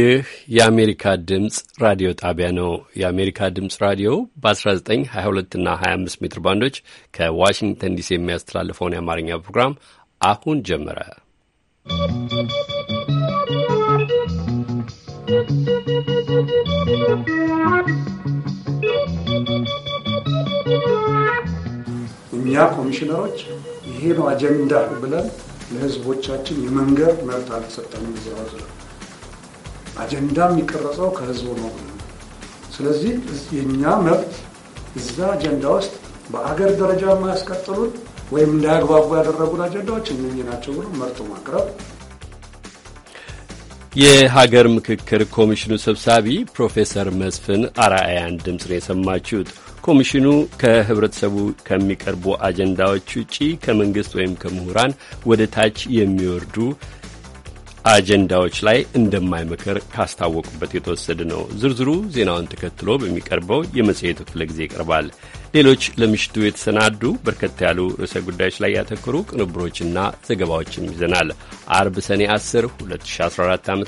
ይህ የአሜሪካ ድምፅ ራዲዮ ጣቢያ ነው። የአሜሪካ ድምፅ ራዲዮ በ1922 እና 25 ሜትር ባንዶች ከዋሽንግተን ዲሲ የሚያስተላልፈውን የአማርኛ ፕሮግራም አሁን ጀመረ። እኛ ኮሚሽነሮች ይሄ ነው አጀንዳ ብለን ለህዝቦቻችን የመንገር መብት አልተሰጠንም። ጊዜ አጀንዳ የሚቀረጸው ከህዝቡ ነው። ስለዚህ የእኛ መብት እዛ አጀንዳ ውስጥ በአገር ደረጃ የማያስቀጥሉን ወይም እንዳያግባቡ ያደረጉን አጀንዳዎች እነኚህ ናቸው ብሎ መርጦ ማቅረብ የሀገር ምክክር ኮሚሽኑ ሰብሳቢ ፕሮፌሰር መስፍን አርአያን ድምፅ ነው የሰማችሁት። ኮሚሽኑ ከህብረተሰቡ ከሚቀርቡ አጀንዳዎች ውጪ ከመንግስት ወይም ከምሁራን ወደ ታች የሚወርዱ አጀንዳዎች ላይ እንደማይመክር ካስታወቁበት የተወሰደ ነው። ዝርዝሩ ዜናውን ተከትሎ በሚቀርበው የመጽሔቱ ክፍለ ጊዜ ይቀርባል። ሌሎች ለምሽቱ የተሰናዱ በርከት ያሉ ርዕሰ ጉዳዮች ላይ ያተኮሩ ቅንብሮችና ዘገባዎችም ይዘናል። አርብ ሰኔ 10 2014 ዓ ም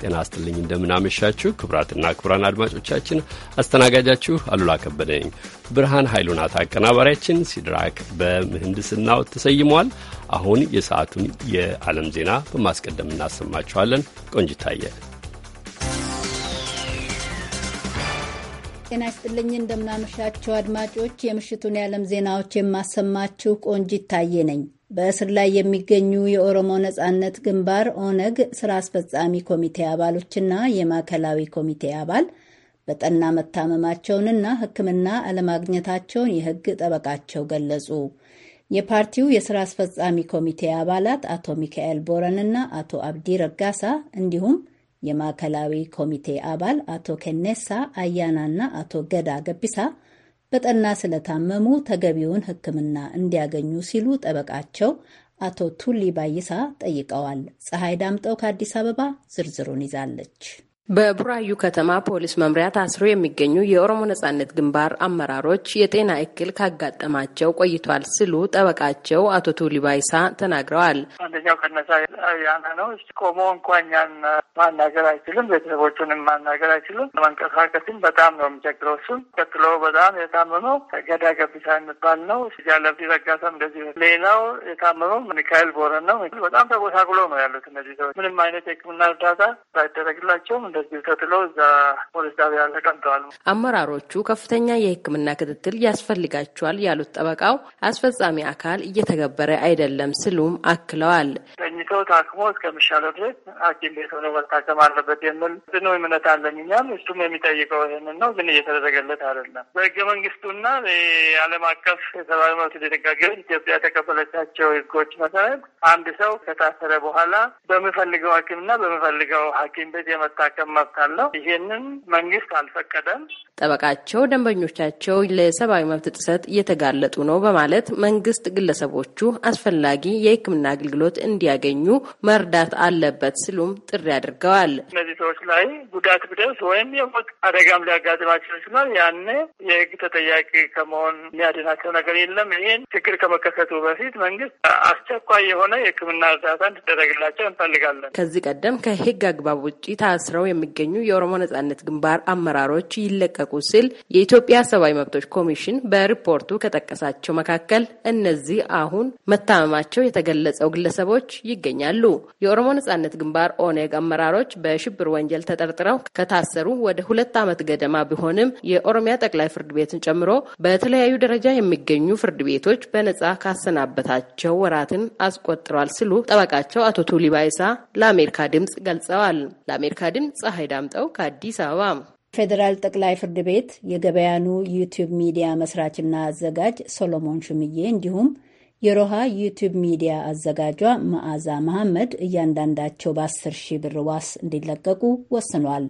ጤና አስጥልኝ፣ እንደምናመሻችሁ ክቡራትና ክቡራን አድማጮቻችን አስተናጋጃችሁ አሉላ ከበደ ነኝ። ብርሃን ኃይሉ ናት አቀናባሪያችን። ሲድራክ በምህንድስናው ተሰይሟል። አሁን የሰዓቱን የዓለም ዜና በማስቀደም እናሰማችኋለን። ቆንጅታየ ጤና ይስጥልኝ። እንደምናመሻቸው አድማጮች፣ የምሽቱን የዓለም ዜናዎች የማሰማችሁ ቆንጅታየ ነኝ። በእስር ላይ የሚገኙ የኦሮሞ ነጻነት ግንባር ኦነግ ስራ አስፈጻሚ ኮሚቴ አባሎችና የማዕከላዊ ኮሚቴ አባል በጠና መታመማቸውንና ሕክምና አለማግኘታቸውን የሕግ ጠበቃቸው ገለጹ። የፓርቲው የስራ አስፈጻሚ ኮሚቴ አባላት አቶ ሚካኤል ቦረን እና አቶ አብዲ ረጋሳ እንዲሁም የማዕከላዊ ኮሚቴ አባል አቶ ከኔሳ አያናና አቶ ገዳ ገቢሳ በጠና ስለታመሙ ተገቢውን ሕክምና እንዲያገኙ ሲሉ ጠበቃቸው አቶ ቱሊ ባይሳ ጠይቀዋል። ፀሐይ ዳምጠው ከአዲስ አበባ ዝርዝሩን ይዛለች። በቡራዩ ከተማ ፖሊስ መምሪያ ታስሮ የሚገኙ የኦሮሞ ነጻነት ግንባር አመራሮች የጤና እክል ካጋጠማቸው ቆይቷል ሲሉ ጠበቃቸው አቶ ቱሊ ባይሳ ተናግረዋል። አንደኛው ከነሳ ያነ ነው። ቆሞ እንኳኛን ማናገር አይችልም። ቤተሰቦቹንም ማናገር አይችልም። መንቀሳቀስም በጣም ነው የሚቸግረው። እሱም ቀጥሎ በጣም የታመመው ገዳ ገቢሳ የሚባል ነው። ሲጃለብ ሲረጋሳም እንደዚህ። ሌላው የታመመው ሚካኤል ቦረን ነው። በጣም ተጎሳቁሎ ነው ያሉት እነዚህ ሰዎች ምንም አይነት የህክምና እርዳታ ባይደረግላቸውም ተገኝ እዛ ፖሊስ ጣቢያ ተቀምጠዋል። አመራሮቹ ከፍተኛ የሕክምና ክትትል ያስፈልጋቸዋል ያሉት ጠበቃው አስፈጻሚ አካል እየተገበረ አይደለም ሲሉም አክለዋል። ተኝተው ታክሞ እስከሚሻለው ድረስ ሐኪም ቤት ሆኖ መታከም አለበት የሚል ጽኑ እምነት አለን። እኛም እሱም የሚጠይቀው ይህንን ነው፣ ግን እየተደረገለት አይደለም። በህገ መንግስቱና የዓለም አቀፍ የሰብአዊ መብት ድንጋጌ ኢትዮጵያ የተቀበለቻቸው ህጎች መሰረት አንድ ሰው ከታሰረ በኋላ በሚፈልገው ሐኪምና በሚፈልገው ሐኪም ቤት የመታከም የመጠየቅ መብት አለው። ይሄንን መንግስት አልፈቀደም። ጠበቃቸው ደንበኞቻቸው ለሰብአዊ መብት ጥሰት እየተጋለጡ ነው በማለት መንግስት ግለሰቦቹ አስፈላጊ የሕክምና አገልግሎት እንዲያገኙ መርዳት አለበት ሲሉም ጥሪ አድርገዋል። እነዚህ ሰዎች ላይ ጉዳት ብደርስ ወይም የሞት አደጋም ሊያጋጥማቸው ይችላል። ያኔ የህግ ተጠያቂ ከመሆን የሚያድናቸው ነገር የለም። ይህን ችግር ከመከሰቱ በፊት መንግስት አስቸኳይ የሆነ የሕክምና እርዳታ እንዲደረግላቸው እንፈልጋለን። ከዚህ ቀደም ከህግ አግባብ ውጭ ታስረው የሚገኙ የኦሮሞ ነጻነት ግንባር አመራሮች ይለቀቁ ሲል የኢትዮጵያ ሰብአዊ መብቶች ኮሚሽን በሪፖርቱ ከጠቀሳቸው መካከል እነዚህ አሁን መታመማቸው የተገለጸው ግለሰቦች ይገኛሉ። የኦሮሞ ነጻነት ግንባር ኦኔግ አመራሮች በሽብር ወንጀል ተጠርጥረው ከታሰሩ ወደ ሁለት ዓመት ገደማ ቢሆንም የኦሮሚያ ጠቅላይ ፍርድ ቤትን ጨምሮ በተለያዩ ደረጃ የሚገኙ ፍርድ ቤቶች በነጻ ካሰናበታቸው ወራትን አስቆጥሯል ሲሉ ጠበቃቸው አቶ ቱሊ ባይሳ ለአሜሪካ ድምጽ ገልጸዋል። ለአሜሪካ ድምጽ ፀሐይ ዳምጠው ከአዲስ አበባ። ፌዴራል ጠቅላይ ፍርድ ቤት የገበያኑ ዩቲዩብ ሚዲያ መስራችና አዘጋጅ ሶሎሞን ሹምዬ እንዲሁም የሮሃ ዩቲዩብ ሚዲያ አዘጋጇ መዓዛ መሐመድ እያንዳንዳቸው በ10 ሺህ ብር ዋስ እንዲለቀቁ ወስኗል።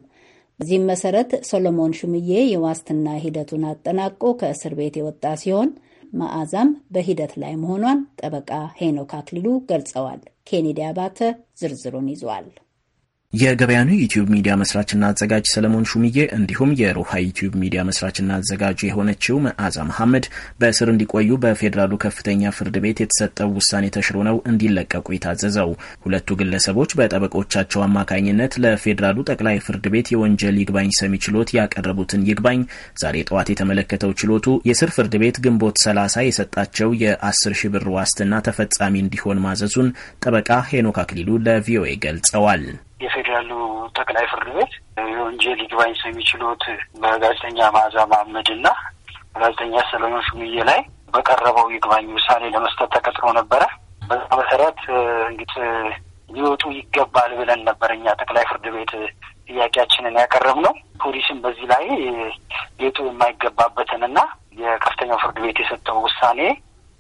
በዚህም መሰረት ሶሎሞን ሹምዬ የዋስትና ሂደቱን አጠናቆ ከእስር ቤት የወጣ ሲሆን መዓዛም በሂደት ላይ መሆኗን ጠበቃ ሄኖክ አክሊሉ ገልጸዋል። ኬኔዲ አባተ ዝርዝሩን ይዟል። የገበያኑ ዩቲዩብ ሚዲያ መስራችና አዘጋጅ ሰለሞን ሹምዬ እንዲሁም የሮሃ ዩቲዩብ ሚዲያ መስራችና አዘጋጅ የሆነችው መዓዛ መሐመድ በእስር እንዲቆዩ በፌዴራሉ ከፍተኛ ፍርድ ቤት የተሰጠው ውሳኔ ተሽሮ ነው እንዲለቀቁ የታዘዘው። ሁለቱ ግለሰቦች በጠበቆቻቸው አማካኝነት ለፌዴራሉ ጠቅላይ ፍርድ ቤት የወንጀል ይግባኝ ሰሚ ችሎት ያቀረቡትን ይግባኝ ዛሬ ጠዋት የተመለከተው ችሎቱ የስር ፍርድ ቤት ግንቦት 30 የሰጣቸው የ10 ሺ ብር ዋስትና ተፈጻሚ እንዲሆን ማዘዙን ጠበቃ ሄኖክ አክሊሉ ለቪኦኤ ገልጸዋል። የፌዴራሉ ጠቅላይ ፍርድ ቤት የወንጀል ይግባኝ ሰሚ ችሎት በጋዜጠኛ መዓዛ መሐመድ እና ጋዜጠኛ ሰለሞን ሹምዬ ላይ በቀረበው ይግባኝ ውሳኔ ለመስጠት ተቀጥሮ ነበረ። በዛ መሰረት እንግዲህ ሊወጡ ይገባል ብለን ነበር እኛ ጠቅላይ ፍርድ ቤት ጥያቄያችንን ነው። ፖሊስም በዚህ ላይ ሊወጡ የማይገባበትንና የከፍተኛው ፍርድ ቤት የሰጠው ውሳኔ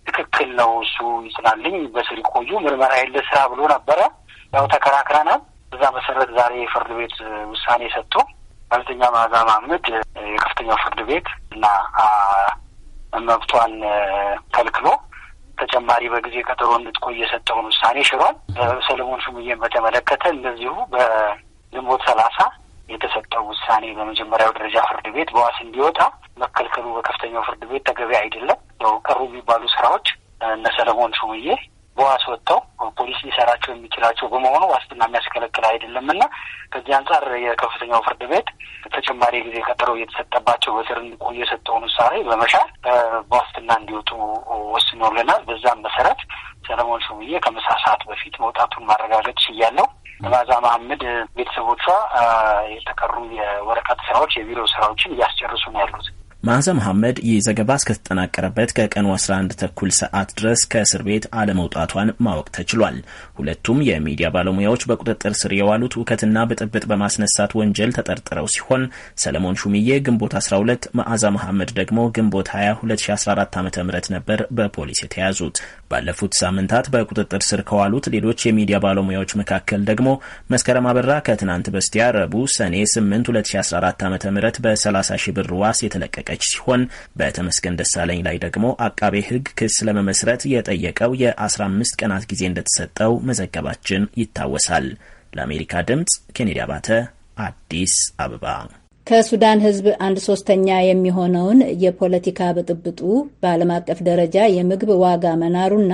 ትክክል ነው፣ እሱ ይጽናልኝ፣ በስር ቆዩ፣ ምርመራ የለ ስራ ብሎ ነበረ። ያው ተከራክረናል። በዛ መሰረት ዛሬ ፍርድ ቤት ውሳኔ ሰጥቶ ጋዜጠኛ መዓዛ መሐመድ የከፍተኛው ፍርድ ቤት እና መብቷን ከልክሎ ተጨማሪ በጊዜ ቀጠሮ እንድትቆይ የሰጠውን ውሳኔ ሽሯል። ሰለሞን ሹምዬን በተመለከተ እንደዚሁ በግንቦት ሰላሳ የተሰጠው ውሳኔ በመጀመሪያው ደረጃ ፍርድ ቤት በዋስ እንዲወጣ መከልከሉ በከፍተኛው ፍርድ ቤት ተገቢ አይደለም። ያው ቀሩ የሚባሉ ስራዎች እነ ሰለሞን ሹምዬ በዋስ ወጥተው ፖሊስ ሊሰራቸው የሚችላቸው በመሆኑ ዋስትና የሚያስከለክል አይደለም እና ከዚህ አንጻር የከፍተኛው ፍርድ ቤት ተጨማሪ ጊዜ ቀጠሮ እየተሰጠባቸው በስር እንዲቆዩ የሰጠውን ውሳኔ በመሻር በዋስትና እንዲወጡ ወስኖልናል። በዛም መሰረት ሰለሞን ሹምዬ ከምሳ ሰዓት በፊት መውጣቱን ማረጋገጥ ችያለሁ። ማዛ መሀመድ ቤተሰቦቿ የተቀሩ የወረቀት ስራዎች፣ የቢሮ ስራዎችን እያስጨርሱ ነው ያሉት። መዓዛ መሐመድ ይህ ዘገባ እስከተጠናቀረበት ከቀኑ 11 ተኩል ሰዓት ድረስ ከእስር ቤት አለመውጣቷን ማወቅ ተችሏል። ሁለቱም የሚዲያ ባለሙያዎች በቁጥጥር ስር የዋሉት ውከትና ብጥብጥ በማስነሳት ወንጀል ተጠርጥረው ሲሆን ሰለሞን ሹምዬ ግንቦት 12፣ መዓዛ መሐመድ ደግሞ ግንቦት 20 2014 ዓ ም ነበር በፖሊስ የተያዙት። ባለፉት ሳምንታት በቁጥጥር ስር ከዋሉት ሌሎች የሚዲያ ባለሙያዎች መካከል ደግሞ መስከረም አበራ ከትናንት በስቲያ ረቡዕ ሰኔ 8 2014 ዓ ም በ30 ሺ ብር ዋስ የተለቀቀች ሲሆን በተመስገን ደሳለኝ ላይ ደግሞ አቃቤ ሕግ ክስ ለመመስረት የጠየቀው የ15 ቀናት ጊዜ እንደተሰጠው መዘገባችን ይታወሳል። ለአሜሪካ ድምፅ ኬኔዲ አባተ አዲስ አበባ ከሱዳን ሕዝብ አንድ ሶስተኛ የሚሆነውን የፖለቲካ ብጥብጡ በዓለም አቀፍ ደረጃ የምግብ ዋጋ መናሩና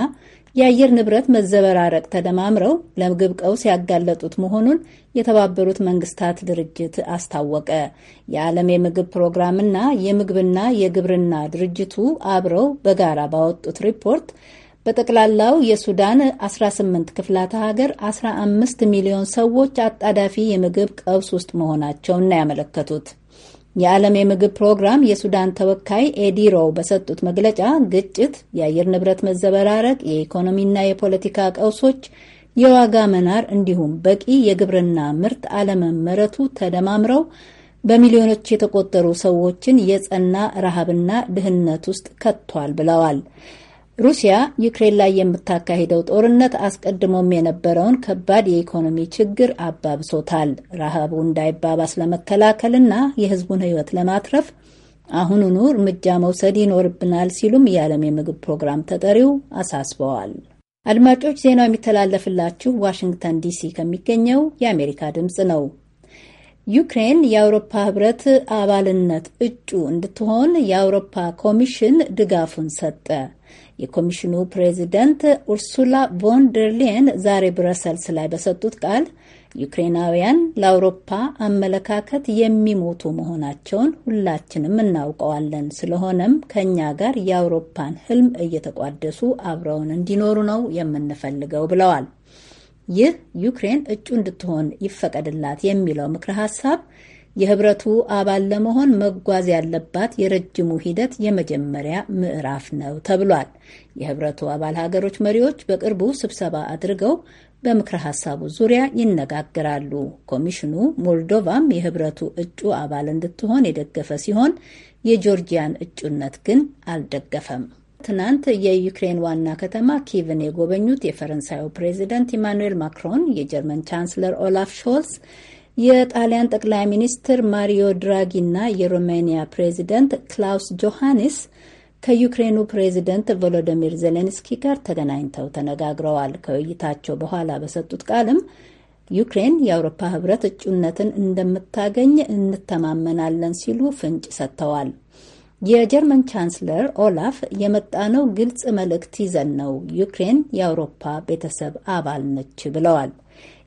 የአየር ንብረት መዘበራረቅ ተደማምረው ለምግብ ቀውስ ያጋለጡት መሆኑን የተባበሩት መንግስታት ድርጅት አስታወቀ። የዓለም የምግብ ፕሮግራምና የምግብና የግብርና ድርጅቱ አብረው በጋራ ባወጡት ሪፖርት በጠቅላላው የሱዳን 18 ክፍላተ ሀገር 15 ሚሊዮን ሰዎች አጣዳፊ የምግብ ቀውስ ውስጥ መሆናቸውን ያመለከቱት። የዓለም የምግብ ፕሮግራም የሱዳን ተወካይ ኤዲሮ በሰጡት መግለጫ ግጭት፣ የአየር ንብረት መዘበራረቅ፣ የኢኮኖሚና የፖለቲካ ቀውሶች፣ የዋጋ መናር እንዲሁም በቂ የግብርና ምርት አለመመረቱ ተደማምረው በሚሊዮኖች የተቆጠሩ ሰዎችን የጸና ረሃብና ድህነት ውስጥ ከቷል ብለዋል። ሩሲያ ዩክሬን ላይ የምታካሂደው ጦርነት አስቀድሞም የነበረውን ከባድ የኢኮኖሚ ችግር አባብሶታል። ረሃቡ እንዳይባባስ ለመከላከልና የሕዝቡን ሕይወት ለማትረፍ አሁኑኑ እርምጃ መውሰድ ይኖርብናል ሲሉም የዓለም የምግብ ፕሮግራም ተጠሪው አሳስበዋል። አድማጮች፣ ዜናው የሚተላለፍላችሁ ዋሽንግተን ዲሲ ከሚገኘው የአሜሪካ ድምፅ ነው። ዩክሬን የአውሮፓ ህብረት አባልነት እጩ እንድትሆን የአውሮፓ ኮሚሽን ድጋፉን ሰጠ። የኮሚሽኑ ፕሬዚደንት ኡርሱላ ቮን ዛሬ ብረሰልስ ላይ በሰጡት ቃል ዩክሬናውያን ለአውሮፓ አመለካከት የሚሞቱ መሆናቸውን ሁላችንም እናውቀዋለን። ስለሆነም ከእኛ ጋር የአውሮፓን ሕልም እየተቋደሱ አብረውን እንዲኖሩ ነው የምንፈልገው ብለዋል። ይህ ዩክሬን እጩ እንድትሆን ይፈቀድላት የሚለው ምክረ ሀሳብ የህብረቱ አባል ለመሆን መጓዝ ያለባት የረጅሙ ሂደት የመጀመሪያ ምዕራፍ ነው ተብሏል። የህብረቱ አባል ሀገሮች መሪዎች በቅርቡ ስብሰባ አድርገው በምክረ ሀሳቡ ዙሪያ ይነጋግራሉ። ኮሚሽኑ ሞልዶቫም የህብረቱ እጩ አባል እንድትሆን የደገፈ ሲሆን የጆርጂያን እጩነት ግን አልደገፈም። ትናንት የዩክሬን ዋና ከተማ ኪቭን የጎበኙት የፈረንሳዩ ፕሬዚደንት ኢማኑኤል ማክሮን፣ የጀርመን ቻንስለር ኦላፍ ሾልስ የጣሊያን ጠቅላይ ሚኒስትር ማሪዮ ድራጊ እና የሮሜኒያ ፕሬዚደንት ክላውስ ጆሃኒስ ከዩክሬኑ ፕሬዚደንት ቮሎዶሚር ዜሌንስኪ ጋር ተገናኝተው ተነጋግረዋል። ከውይይታቸው በኋላ በሰጡት ቃልም ዩክሬን የአውሮፓ ህብረት እጩነትን እንደምታገኝ እንተማመናለን ሲሉ ፍንጭ ሰጥተዋል። የጀርመን ቻንስለር ኦላፍ የመጣነው ግልጽ መልእክት ይዘን ነው፣ ዩክሬን የአውሮፓ ቤተሰብ አባል ነች ብለዋል።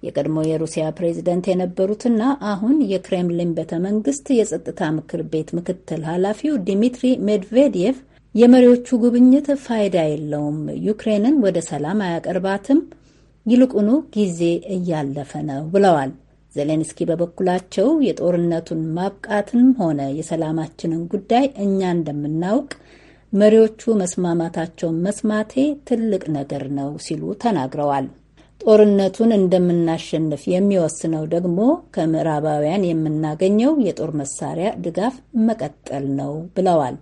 የቀድሞ የሩሲያ ፕሬዝደንት የነበሩትና አሁን የክሬምሊን ቤተ መንግስት የጸጥታ ምክር ቤት ምክትል ኃላፊው ዲሚትሪ ሜድቬዴቭ የመሪዎቹ ጉብኝት ፋይዳ የለውም፣ ዩክሬንን ወደ ሰላም አያቀርባትም፣ ይልቁኑ ጊዜ እያለፈ ነው ብለዋል። ዜሌንስኪ በበኩላቸው የጦርነቱን ማብቃትም ሆነ የሰላማችንን ጉዳይ እኛ እንደምናውቅ መሪዎቹ መስማማታቸውን መስማቴ ትልቅ ነገር ነው ሲሉ ተናግረዋል። ጦርነቱን እንደምናሸንፍ የሚወስነው ደግሞ ከምዕራባውያን የምናገኘው የጦር መሳሪያ ድጋፍ መቀጠል ነው ብለዋል።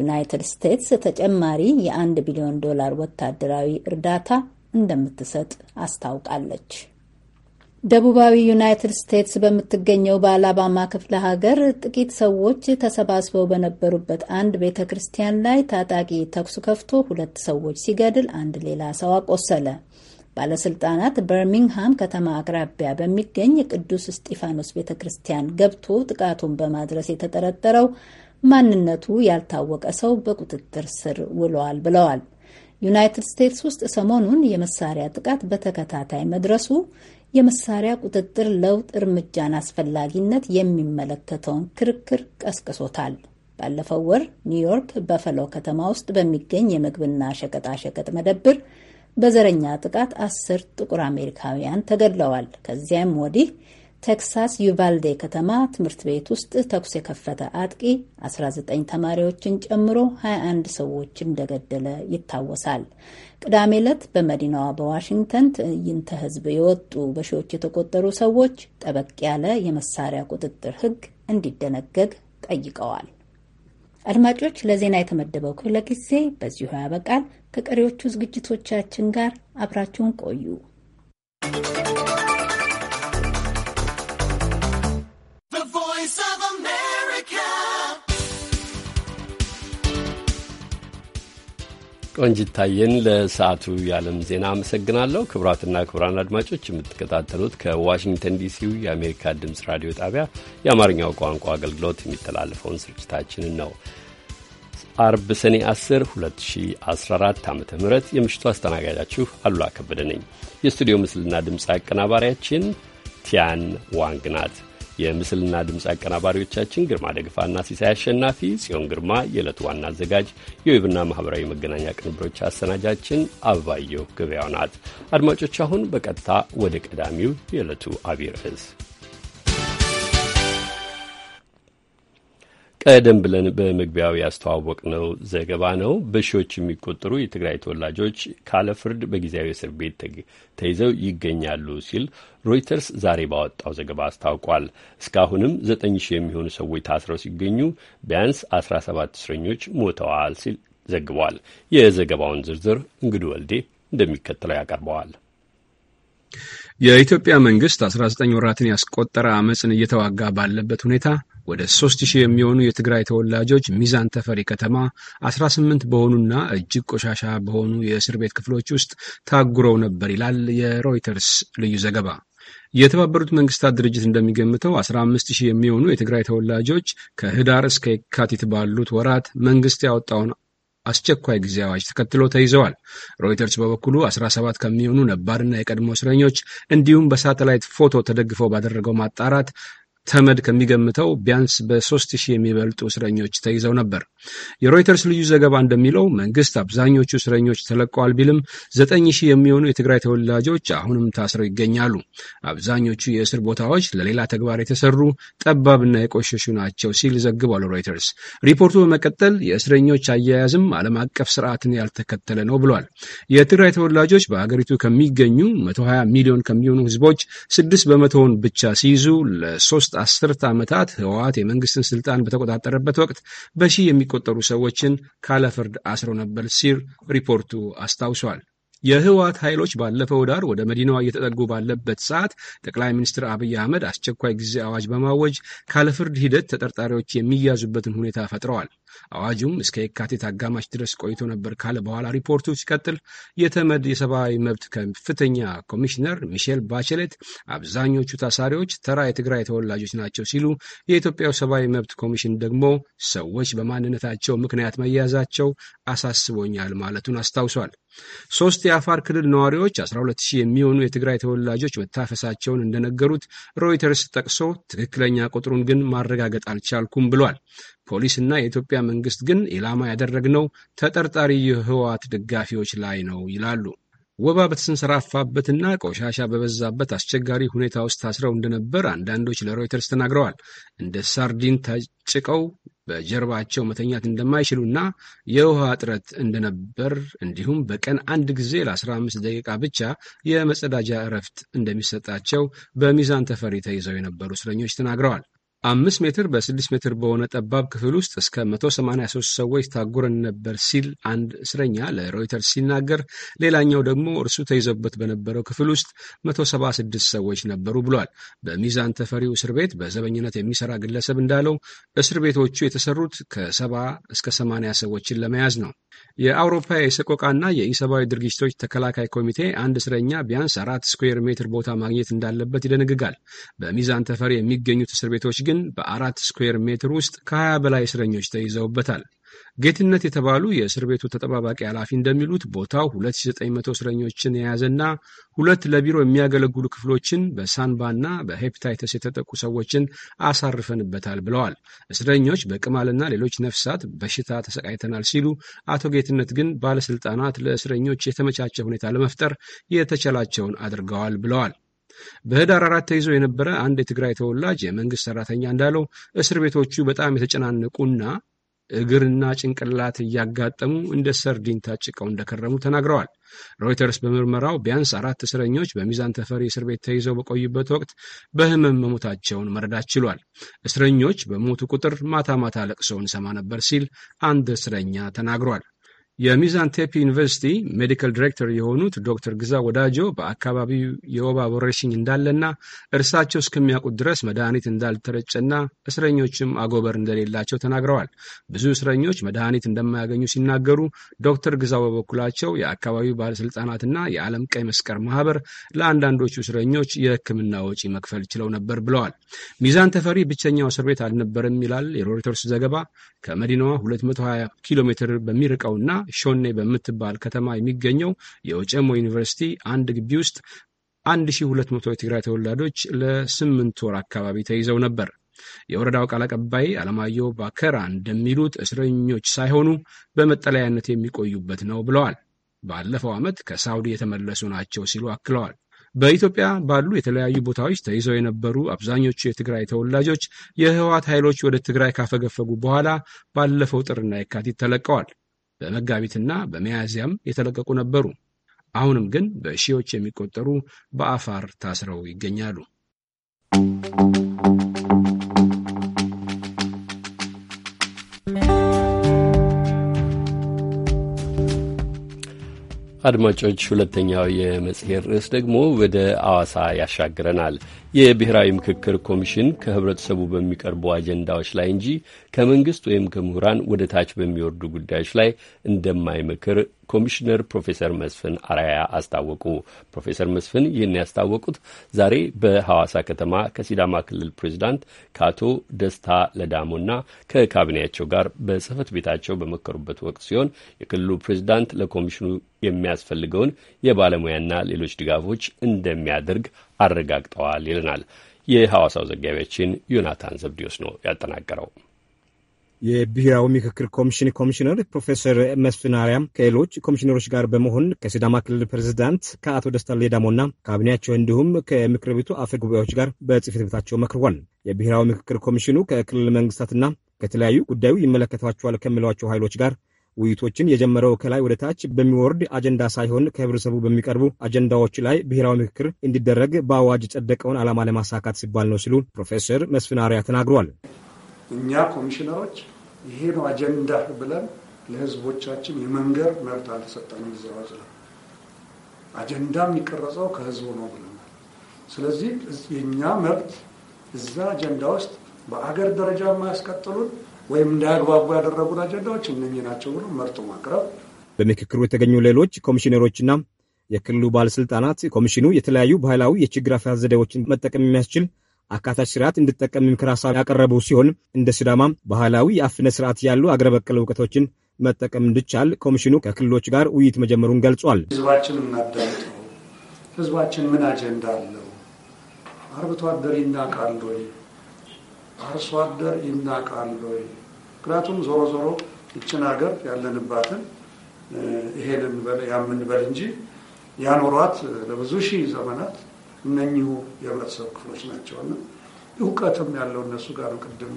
ዩናይትድ ስቴትስ ተጨማሪ የአንድ ቢሊዮን ዶላር ወታደራዊ እርዳታ እንደምትሰጥ አስታውቃለች። ደቡባዊ ዩናይትድ ስቴትስ በምትገኘው በአላባማ ክፍለ ሀገር ጥቂት ሰዎች ተሰባስበው በነበሩበት አንድ ቤተ ክርስቲያን ላይ ታጣቂ ተኩስ ከፍቶ ሁለት ሰዎች ሲገድል አንድ ሌላ ሰው አቆሰለ። ባለስልጣናት በርሚንግሃም ከተማ አቅራቢያ በሚገኝ ቅዱስ እስጢፋኖስ ቤተ ክርስቲያን ገብቶ ጥቃቱን በማድረስ የተጠረጠረው ማንነቱ ያልታወቀ ሰው በቁጥጥር ስር ውሏል ብለዋል። ዩናይትድ ስቴትስ ውስጥ ሰሞኑን የመሳሪያ ጥቃት በተከታታይ መድረሱ የመሳሪያ ቁጥጥር ለውጥ እርምጃን አስፈላጊነት የሚመለከተውን ክርክር ቀስቅሶታል። ባለፈው ወር ኒውዮርክ በፈሎ ከተማ ውስጥ በሚገኝ የምግብና ሸቀጣሸቀጥ መደብር በዘረኛ ጥቃት አስር ጥቁር አሜሪካውያን ተገድለዋል። ከዚያም ወዲህ ቴክሳስ ዩቫልዴ ከተማ ትምህርት ቤት ውስጥ ተኩስ የከፈተ አጥቂ 19 ተማሪዎችን ጨምሮ 21 ሰዎች እንደገደለ ይታወሳል። ቅዳሜ ዕለት በመዲናዋ በዋሽንግተን ትዕይንተ ሕዝብ የወጡ በሺዎች የተቆጠሩ ሰዎች ጠበቅ ያለ የመሳሪያ ቁጥጥር ሕግ እንዲደነገግ ጠይቀዋል። አድማጮች፣ ለዜና የተመደበው ክፍለ ጊዜ በዚሁ ያበቃል። ከቀሪዎቹ ዝግጅቶቻችን ጋር አብራችሁን ቆዩ። ቆንጅታየን ለሰዓቱ የዓለም ዜና አመሰግናለሁ። ክቡራትና ክቡራን አድማጮች የምትከታተሉት ከዋሽንግተን ዲሲው የአሜሪካ ድምፅ ራዲዮ ጣቢያ የአማርኛው ቋንቋ አገልግሎት የሚተላለፈውን ስርጭታችንን ነው። አርብ ሰኔ 10 2014 ዓ ም የምሽቱ አስተናጋጃችሁ አሉላ ከበደ ነኝ። የስቱዲዮ ምስልና ድምፅ አቀናባሪያችን ቲያን ዋንግ ናት። የምስልና ድምፅ አቀናባሪዎቻችን ግርማ ደግፋና ሲሳይ አሸናፊ፣ ጽዮን ግርማ የዕለቱ ዋና አዘጋጅ፣ የዌብና ማኅበራዊ መገናኛ ቅንብሮች አሰናጃችን አበባየሁ ገበያው ናት። አድማጮች አሁን በቀጥታ ወደ ቀዳሚው የዕለቱ አቢይ ርዕስ ቀደም ብለን በመግቢያው ያስተዋወቅነው ዘገባ ነው። በሺዎች የሚቆጠሩ የትግራይ ተወላጆች ካለ ፍርድ በጊዜያዊ እስር ቤት ተይዘው ይገኛሉ ሲል ሮይተርስ ዛሬ ባወጣው ዘገባ አስታውቋል። እስካሁንም ዘጠኝ ሺህ የሚሆኑ ሰዎች ታስረው ሲገኙ ቢያንስ አስራ ሰባት እስረኞች ሞተዋል ሲል ዘግቧል። የዘገባውን ዝርዝር እንግዱ ወልዴ እንደሚከተለው ያቀርበዋል። የኢትዮጵያ መንግስት አስራ ዘጠኝ ወራትን ያስቆጠረ አመፅን እየተዋጋ ባለበት ሁኔታ ወደ 3000 የሚሆኑ የትግራይ ተወላጆች ሚዛን ተፈሪ ከተማ 18 በሆኑና እጅግ ቆሻሻ በሆኑ የእስር ቤት ክፍሎች ውስጥ ታጉረው ነበር ይላል የሮይተርስ ልዩ ዘገባ። የተባበሩት መንግስታት ድርጅት እንደሚገምተው 15 የሚሆኑ የትግራይ ተወላጆች ከህዳር እስከ የካቲት ባሉት ወራት መንግስት ያወጣውን አስቸኳይ ጊዜ አዋጅ ተከትሎ ተይዘዋል። ሮይተርስ በበኩሉ 17 ከሚሆኑ ነባርና የቀድሞ እስረኞች እንዲሁም በሳተላይት ፎቶ ተደግፈው ባደረገው ማጣራት ተመድ ከሚገምተው ቢያንስ በሶስት ሺህ የሚበልጡ እስረኞች ተይዘው ነበር። የሮይተርስ ልዩ ዘገባ እንደሚለው መንግስት አብዛኞቹ እስረኞች ተለቀዋል ቢልም ዘጠኝ ሺህ የሚሆኑ የትግራይ ተወላጆች አሁንም ታስረው ይገኛሉ። አብዛኞቹ የእስር ቦታዎች ለሌላ ተግባር የተሰሩ ጠባብና የቆሸሹ ናቸው ሲል ዘግቧል ሮይተርስ። ሪፖርቱ በመቀጠል የእስረኞች አያያዝም ዓለም አቀፍ ስርዓትን ያልተከተለ ነው ብሏል። የትግራይ ተወላጆች በሀገሪቱ ከሚገኙ 120 ሚሊዮን ከሚሆኑ ህዝቦች ስድስት በመቶውን ብቻ ሲይዙ ለሶስት ሶስት አስርት ዓመታት ህወሓት የመንግስትን ስልጣን በተቆጣጠረበት ወቅት በሺህ የሚቆጠሩ ሰዎችን ካለፍርድ አስረው ነበር ሲል ሪፖርቱ አስታውሷል። የህወሓት ኃይሎች ባለፈው ዳር ወደ መዲናዋ እየተጠጉ ባለበት ሰዓት ጠቅላይ ሚኒስትር አብይ አህመድ አስቸኳይ ጊዜ አዋጅ በማወጅ ካለፍርድ ሂደት ተጠርጣሪዎች የሚያዙበትን ሁኔታ ፈጥረዋል። አዋጁም እስከ የካቲት አጋማሽ ድረስ ቆይቶ ነበር ካለ በኋላ ሪፖርቱ ሲቀጥል የተመድ የሰብአዊ መብት ከፍተኛ ኮሚሽነር ሚሼል ባቸሌት አብዛኞቹ ታሳሪዎች ተራ የትግራይ ተወላጆች ናቸው ሲሉ፣ የኢትዮጵያው ሰብአዊ መብት ኮሚሽን ደግሞ ሰዎች በማንነታቸው ምክንያት መያዛቸው አሳስቦኛል ማለቱን አስታውሷል። ሶስት የአፋር ክልል ነዋሪዎች 120 የሚሆኑ የትግራይ ተወላጆች መታፈሳቸውን እንደነገሩት ሮይተርስ ጠቅሶ ትክክለኛ ቁጥሩን ግን ማረጋገጥ አልቻልኩም ብሏል። ፖሊስና የኢትዮጵያ መንግስት ግን ኢላማ ያደረግነው ተጠርጣሪ የህወሓት ደጋፊዎች ላይ ነው ይላሉ። ወባ በተንሰራፋበትና ቆሻሻ በበዛበት አስቸጋሪ ሁኔታ ውስጥ ታስረው እንደነበር አንዳንዶች ለሮይተርስ ተናግረዋል። እንደ ሳርዲን ተጭቀው በጀርባቸው መተኛት እንደማይችሉና የውሃ እጥረት እንደነበር እንዲሁም በቀን አንድ ጊዜ ለ15 ደቂቃ ብቻ የመጸዳጃ እረፍት እንደሚሰጣቸው በሚዛን ተፈሪ ተይዘው የነበሩ እስረኞች ተናግረዋል። አምስት ሜትር በስድስት ሜትር በሆነ ጠባብ ክፍል ውስጥ እስከ 183 ሰዎች ታጉረን ነበር ሲል አንድ እስረኛ ለሮይተርስ ሲናገር፣ ሌላኛው ደግሞ እርሱ ተይዞበት በነበረው ክፍል ውስጥ 176 ሰዎች ነበሩ ብሏል። በሚዛን ተፈሪው እስር ቤት በዘበኝነት የሚሰራ ግለሰብ እንዳለው እስር ቤቶቹ የተሰሩት ከ70 እስከ 80 ሰዎችን ለመያዝ ነው። የአውሮፓ የሰቆቃና የኢሰብአዊ ድርጊቶች ተከላካይ ኮሚቴ አንድ እስረኛ ቢያንስ አራት ስኩዌር ሜትር ቦታ ማግኘት እንዳለበት ይደነግጋል። በሚዛን ተፈሪ የሚገኙት እስር ቤቶች ግን ግን በአራት ስኩዌር ሜትር ውስጥ ከ20 በላይ እስረኞች ተይዘውበታል። ጌትነት የተባሉ የእስር ቤቱ ተጠባባቂ ኃላፊ እንደሚሉት ቦታው 2900 እስረኞችን የያዘና ሁለት ለቢሮ የሚያገለግሉ ክፍሎችን በሳንባና በሄፕታይተስ የተጠቁ ሰዎችን አሳርፈንበታል ብለዋል። እስረኞች በቅማልና ሌሎች ነፍሳት በሽታ ተሰቃይተናል ሲሉ፣ አቶ ጌትነት ግን ባለስልጣናት ለእስረኞች የተመቻቸ ሁኔታ ለመፍጠር የተቻላቸውን አድርገዋል ብለዋል። በህዳር አራት ተይዞ የነበረ አንድ የትግራይ ተወላጅ የመንግስት ሰራተኛ እንዳለው እስር ቤቶቹ በጣም የተጨናነቁና እግርና ጭንቅላት እያጋጠሙ እንደ ሰርዲን ታጭቀው እንደከረሙ ተናግረዋል። ሮይተርስ በምርመራው ቢያንስ አራት እስረኞች በሚዛን ተፈሪ እስር ቤት ተይዘው በቆዩበት ወቅት በህመም መሞታቸውን መረዳት ችሏል። እስረኞች በሞቱ ቁጥር ማታ ማታ ለቅሶውን ሰማ ነበር ሲል አንድ እስረኛ ተናግሯል። የሚዛን ቴፒ ዩኒቨርሲቲ ሜዲካል ዲሬክተር የሆኑት ዶክተር ግዛ ወዳጆ በአካባቢው የወባ ወረርሽኝ እንዳለና እርሳቸው እስከሚያውቁት ድረስ መድኃኒት እንዳልተረጨና እስረኞችም አጎበር እንደሌላቸው ተናግረዋል። ብዙ እስረኞች መድኃኒት እንደማያገኙ ሲናገሩ፣ ዶክተር ግዛው በበኩላቸው የአካባቢው ባለስልጣናትና የዓለም ቀይ መስቀል ማህበር ለአንዳንዶቹ እስረኞች የሕክምና ወጪ መክፈል ችለው ነበር ብለዋል። ሚዛን ተፈሪ ብቸኛው እስር ቤት አልነበረም ይላል የሮይተርስ ዘገባ። ከመዲናዋ 220 ኪሎ ሜትር በሚርቀውና ሾኔ በምትባል ከተማ የሚገኘው የኦጨሞ ዩኒቨርሲቲ አንድ ግቢ ውስጥ 1200 የትግራይ ተወላጆች ለስምንት ወር አካባቢ ተይዘው ነበር። የወረዳው ቃል አቀባይ አለማየሁ ባከራ እንደሚሉት እስረኞች ሳይሆኑ በመጠለያነት የሚቆዩበት ነው ብለዋል። ባለፈው ዓመት ከሳውዲ የተመለሱ ናቸው ሲሉ አክለዋል። በኢትዮጵያ ባሉ የተለያዩ ቦታዎች ተይዘው የነበሩ አብዛኞቹ የትግራይ ተወላጆች የህወሓት ኃይሎች ወደ ትግራይ ካፈገፈጉ በኋላ ባለፈው ጥርና የካቲት ተለቀዋል። በመጋቢትና በመያዝያም የተለቀቁ ነበሩ። አሁንም ግን በሺዎች የሚቆጠሩ በአፋር ታስረው ይገኛሉ። አድማጮች፣ ሁለተኛው የመጽሔት ርዕስ ደግሞ ወደ አዋሳ ያሻግረናል። የብሔራዊ ምክክር ኮሚሽን ከህብረተሰቡ በሚቀርቡ አጀንዳዎች ላይ እንጂ ከመንግስት ወይም ከምሁራን ወደ ታች በሚወርዱ ጉዳዮች ላይ እንደማይመክር ኮሚሽነር ፕሮፌሰር መስፍን አራያ አስታወቁ። ፕሮፌሰር መስፍን ይህን ያስታወቁት ዛሬ በሐዋሳ ከተማ ከሲዳማ ክልል ፕሬዚዳንት ከአቶ ደስታ ለዳሞና ከካቢኔያቸው ጋር በጽህፈት ቤታቸው በመከሩበት ወቅት ሲሆን የክልሉ ፕሬዚዳንት ለኮሚሽኑ የሚያስፈልገውን የባለሙያና ሌሎች ድጋፎች እንደሚያደርግ አረጋግጠዋል ይለናል። የሐዋሳው ዘጋቢያችን ዮናታን ዘብዲዮስ ነው ያጠናቀረው። የብሔራዊ ምክክር ኮሚሽን ኮሚሽነር ፕሮፌሰር መስፍን አርያም ከሌሎች ኮሚሽነሮች ጋር በመሆን ከሲዳማ ክልል ፕሬዚዳንት ከአቶ ደስታ ሌዳሞና ካቢኔያቸው እንዲሁም ከምክር ቤቱ አፈ ጉባኤዎች ጋር በጽህፈት ቤታቸው መክሯል። የብሔራዊ ምክክር ኮሚሽኑ ከክልል መንግስታትና ከተለያዩ ጉዳዩ ይመለከታቸዋል ከሚሏቸው ኃይሎች ጋር ውይይቶችን የጀመረው ከላይ ወደ ታች በሚወርድ አጀንዳ ሳይሆን ከህብረተሰቡ በሚቀርቡ አጀንዳዎች ላይ ብሔራዊ ምክክር እንዲደረግ በአዋጅ ጸደቀውን ዓላማ ለማሳካት ሲባል ነው ሲሉ ፕሮፌሰር መስፍን ተናግሯል። እኛ ኮሚሽነሮች ይሄ ነው አጀንዳ ብለን ለህዝቦቻችን የመንገር መብት አልተሰጠን። ጊዜ ነው አጀንዳ የሚቀረጸው ከህዝቡ ነው ብለናል። ስለዚህ የእኛ መብት እዛ አጀንዳ ውስጥ በአገር ደረጃ የማያስቀጥሉን ወይም እንዳያግባቡ ያደረጉን አጀንዳዎች እነኚህ ናቸው ብሎ መርጦ ማቅረብ። በምክክሩ የተገኙ ሌሎች ኮሚሽነሮችና የክልሉ ባለስልጣናት ኮሚሽኑ የተለያዩ ባህላዊ የችግር አፈታት ዘዴዎችን መጠቀም የሚያስችል አካታች ስርዓት እንድጠቀም ምክር ሀሳብ ያቀረቡ ሲሆን እንደ ስዳማ ባህላዊ የአፍነ ስርዓት ያሉ አገር በቀል እውቀቶችን መጠቀም እንዲቻል ኮሚሽኑ ከክልሎች ጋር ውይይት መጀመሩን ገልጿል። ህዝባችን እናዳምጠው። ህዝባችን ምን አጀንዳ አለው? አርብቶ አደር ይናቃል ወይ? አርሶ አደር ይናቃል ወይ? ምክንያቱም ዞሮ ዞሮ ይችን ሀገር ያለንባትን ይሄ ያምንበል እንጂ ያኖሯት ለብዙ ሺህ ዘመናት እነኚሁ የህብረተሰብ ክፍሎች ናቸውና እውቀትም ያለው እነሱ ጋር ነው። ቅድም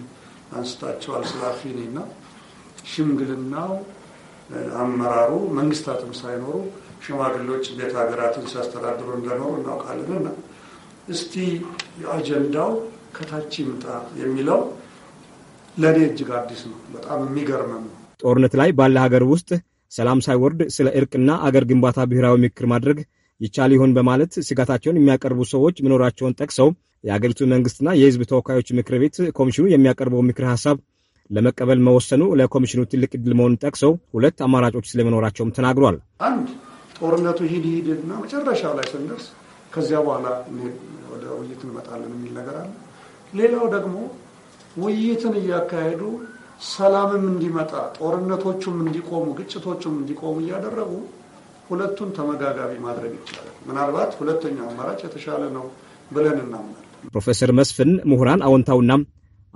አንስታቸዋል ስለ አፊኒና ሽምግልናው አመራሩ መንግስታትም ሳይኖሩ ሽማግሌዎች እንዴት ሀገራትን ሲያስተዳድሩ እንደኖሩ እናውቃለንና እስቲ አጀንዳው ከታች ይምጣ የሚለው ለእኔ እጅግ አዲስ ነው። በጣም የሚገርመም ነው። ጦርነት ላይ ባለ ሀገር ውስጥ ሰላም ሳይወርድ ስለ እርቅና አገር ግንባታ ብሔራዊ ምክክር ማድረግ ይቻል ይሆን በማለት ስጋታቸውን የሚያቀርቡ ሰዎች መኖራቸውን ጠቅሰው የአገሪቱ መንግስትና የህዝብ ተወካዮች ምክር ቤት ኮሚሽኑ የሚያቀርበው ምክር ሀሳብ ለመቀበል መወሰኑ ለኮሚሽኑ ትልቅ እድል መሆኑን ጠቅሰው ሁለት አማራጮች ስለመኖራቸውም ተናግሯል። አንድ ጦርነቱ ሂድ ሂድና መጨረሻ ላይ ስንደርስ ከዚያ በኋላ ወደ ውይይት እንመጣለን የሚል ነገር አለ። ሌላው ደግሞ ውይይትን እያካሄዱ ሰላምም እንዲመጣ ጦርነቶቹም እንዲቆሙ ግጭቶቹም እንዲቆሙ እያደረጉ ሁለቱን ተመጋጋቢ ማድረግ ይቻላል። ምናልባት ሁለተኛው አማራጭ የተሻለ ነው ብለን እናምናለን። ፕሮፌሰር መስፍን ምሁራን አዎንታውና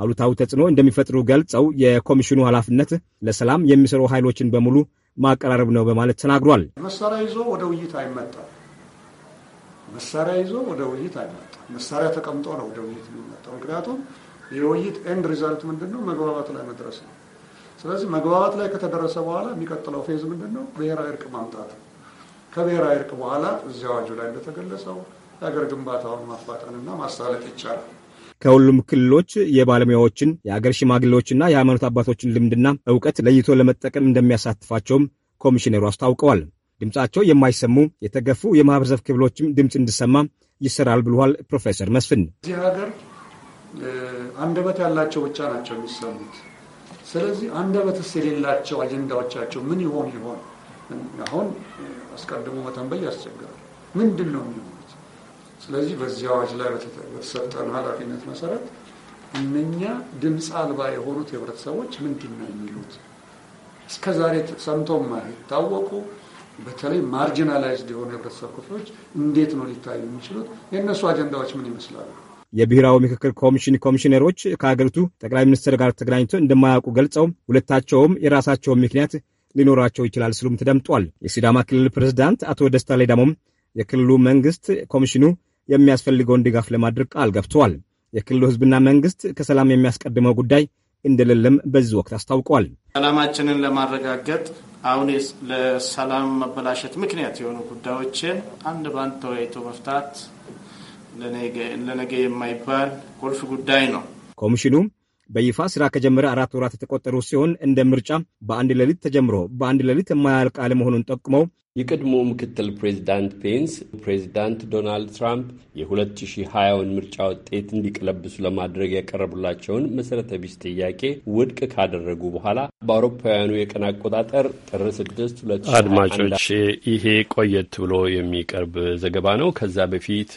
አሉታዊ ተጽዕኖ እንደሚፈጥሩ ገልጸው የኮሚሽኑ ኃላፊነት ለሰላም የሚሰሩ ኃይሎችን በሙሉ ማቀራረብ ነው በማለት ተናግሯል። መሳሪያ ይዞ ወደ ውይይት አይመጣም። መሳሪያ ይዞ ወደ ውይይት አይመጣም። መሳሪያ ተቀምጦ ነው ወደ ውይይት የሚመጣው። ምክንያቱም የውይይት ኤንድ ሪዛልት ምንድን ነው? መግባባት ላይ መድረስ ነው። ስለዚህ መግባባት ላይ ከተደረሰ በኋላ የሚቀጥለው ፌዝ ምንድን ነው? ብሔራዊ እርቅ ማምጣት ነው። ከብሔራዊ እርቅ በኋላ እዚያ አዋጁ ላይ እንደተገለጸው የሀገር ግንባታውን ማፋጠንና ማሳለጥ ይቻላል። ከሁሉም ክልሎች የባለሙያዎችን የአገር ሽማግሌዎችና የሃይማኖት አባቶችን ልምድና እውቀት ለይቶ ለመጠቀም እንደሚያሳትፋቸውም ኮሚሽነሩ አስታውቀዋል። ድምፃቸው የማይሰሙ የተገፉ የማህበረሰብ ክፍሎችም ድምፅ እንዲሰማ ይሰራል ብለዋል ፕሮፌሰር መስፍን እዚህ ሀገር አንደበት ያላቸው ብቻ ናቸው የሚሰሙት። ስለዚህ አንደበትስ የሌላቸው አጀንዳዎቻቸው ምን ይሆን ይሆን? አሁን አስቀድሞ መተንበይ ያስቸግራል። ምንድን ነው የሚሆኑት? ስለዚህ በዚህ አዋጅ ላይ በተሰጠን ኃላፊነት መሰረት እነኛ ድምፅ አልባ የሆኑት ህብረተሰቦች ምንድን ነው የሚሉት? እስከ ዛሬ ሰምቶ የማይታወቁ በተለይ ማርጂናላይዝድ የሆኑ የህብረተሰብ ክፍሎች እንዴት ነው ሊታዩ የሚችሉት? የእነሱ አጀንዳዎች ምን ይመስላሉ? የብሔራዊ ምክክር ኮሚሽን ኮሚሽነሮች ከሀገሪቱ ጠቅላይ ሚኒስትር ጋር ተገናኝቶ እንደማያውቁ ገልጸው ሁለታቸውም የራሳቸውን ምክንያት ሊኖራቸው ይችላል ሲሉም ተደምጧል። የሲዳማ ክልል ፕሬዝዳንት አቶ ደስታ ሌዳሞም የክልሉ መንግስት ኮሚሽኑ የሚያስፈልገውን ድጋፍ ለማድረግ ቃል ገብተዋል። የክልሉ ህዝብና መንግስት ከሰላም የሚያስቀድመው ጉዳይ እንደሌለም በዚህ ወቅት አስታውቋል። ሰላማችንን ለማረጋገጥ አሁን ለሰላም መበላሸት ምክንያት የሆኑ ጉዳዮችን አንድ በአንድ ተወያይቶ መፍታት ለነገ የማይባል ቁልፍ ጉዳይ ነው። ኮሚሽኑ በይፋ ስራ ከጀመረ አራት ወራት የተቆጠሩ ሲሆን እንደ ምርጫ በአንድ ሌሊት ተጀምሮ በአንድ ሌሊት የማያልቅ አለመሆኑን ጠቁመው የቀድሞ ምክትል ፕሬዚዳንት ፔንስ ፕሬዚዳንት ዶናልድ ትራምፕ የ2020ን ምርጫ ውጤት እንዲቀለብሱ ለማድረግ ያቀረቡላቸውን መሠረተ ቢስ ጥያቄ ውድቅ ካደረጉ በኋላ በአውሮፓውያኑ የቀን አቆጣጠር ጥር 6 አድማጮች፣ ይሄ ቆየት ብሎ የሚቀርብ ዘገባ ነው። ከዛ በፊት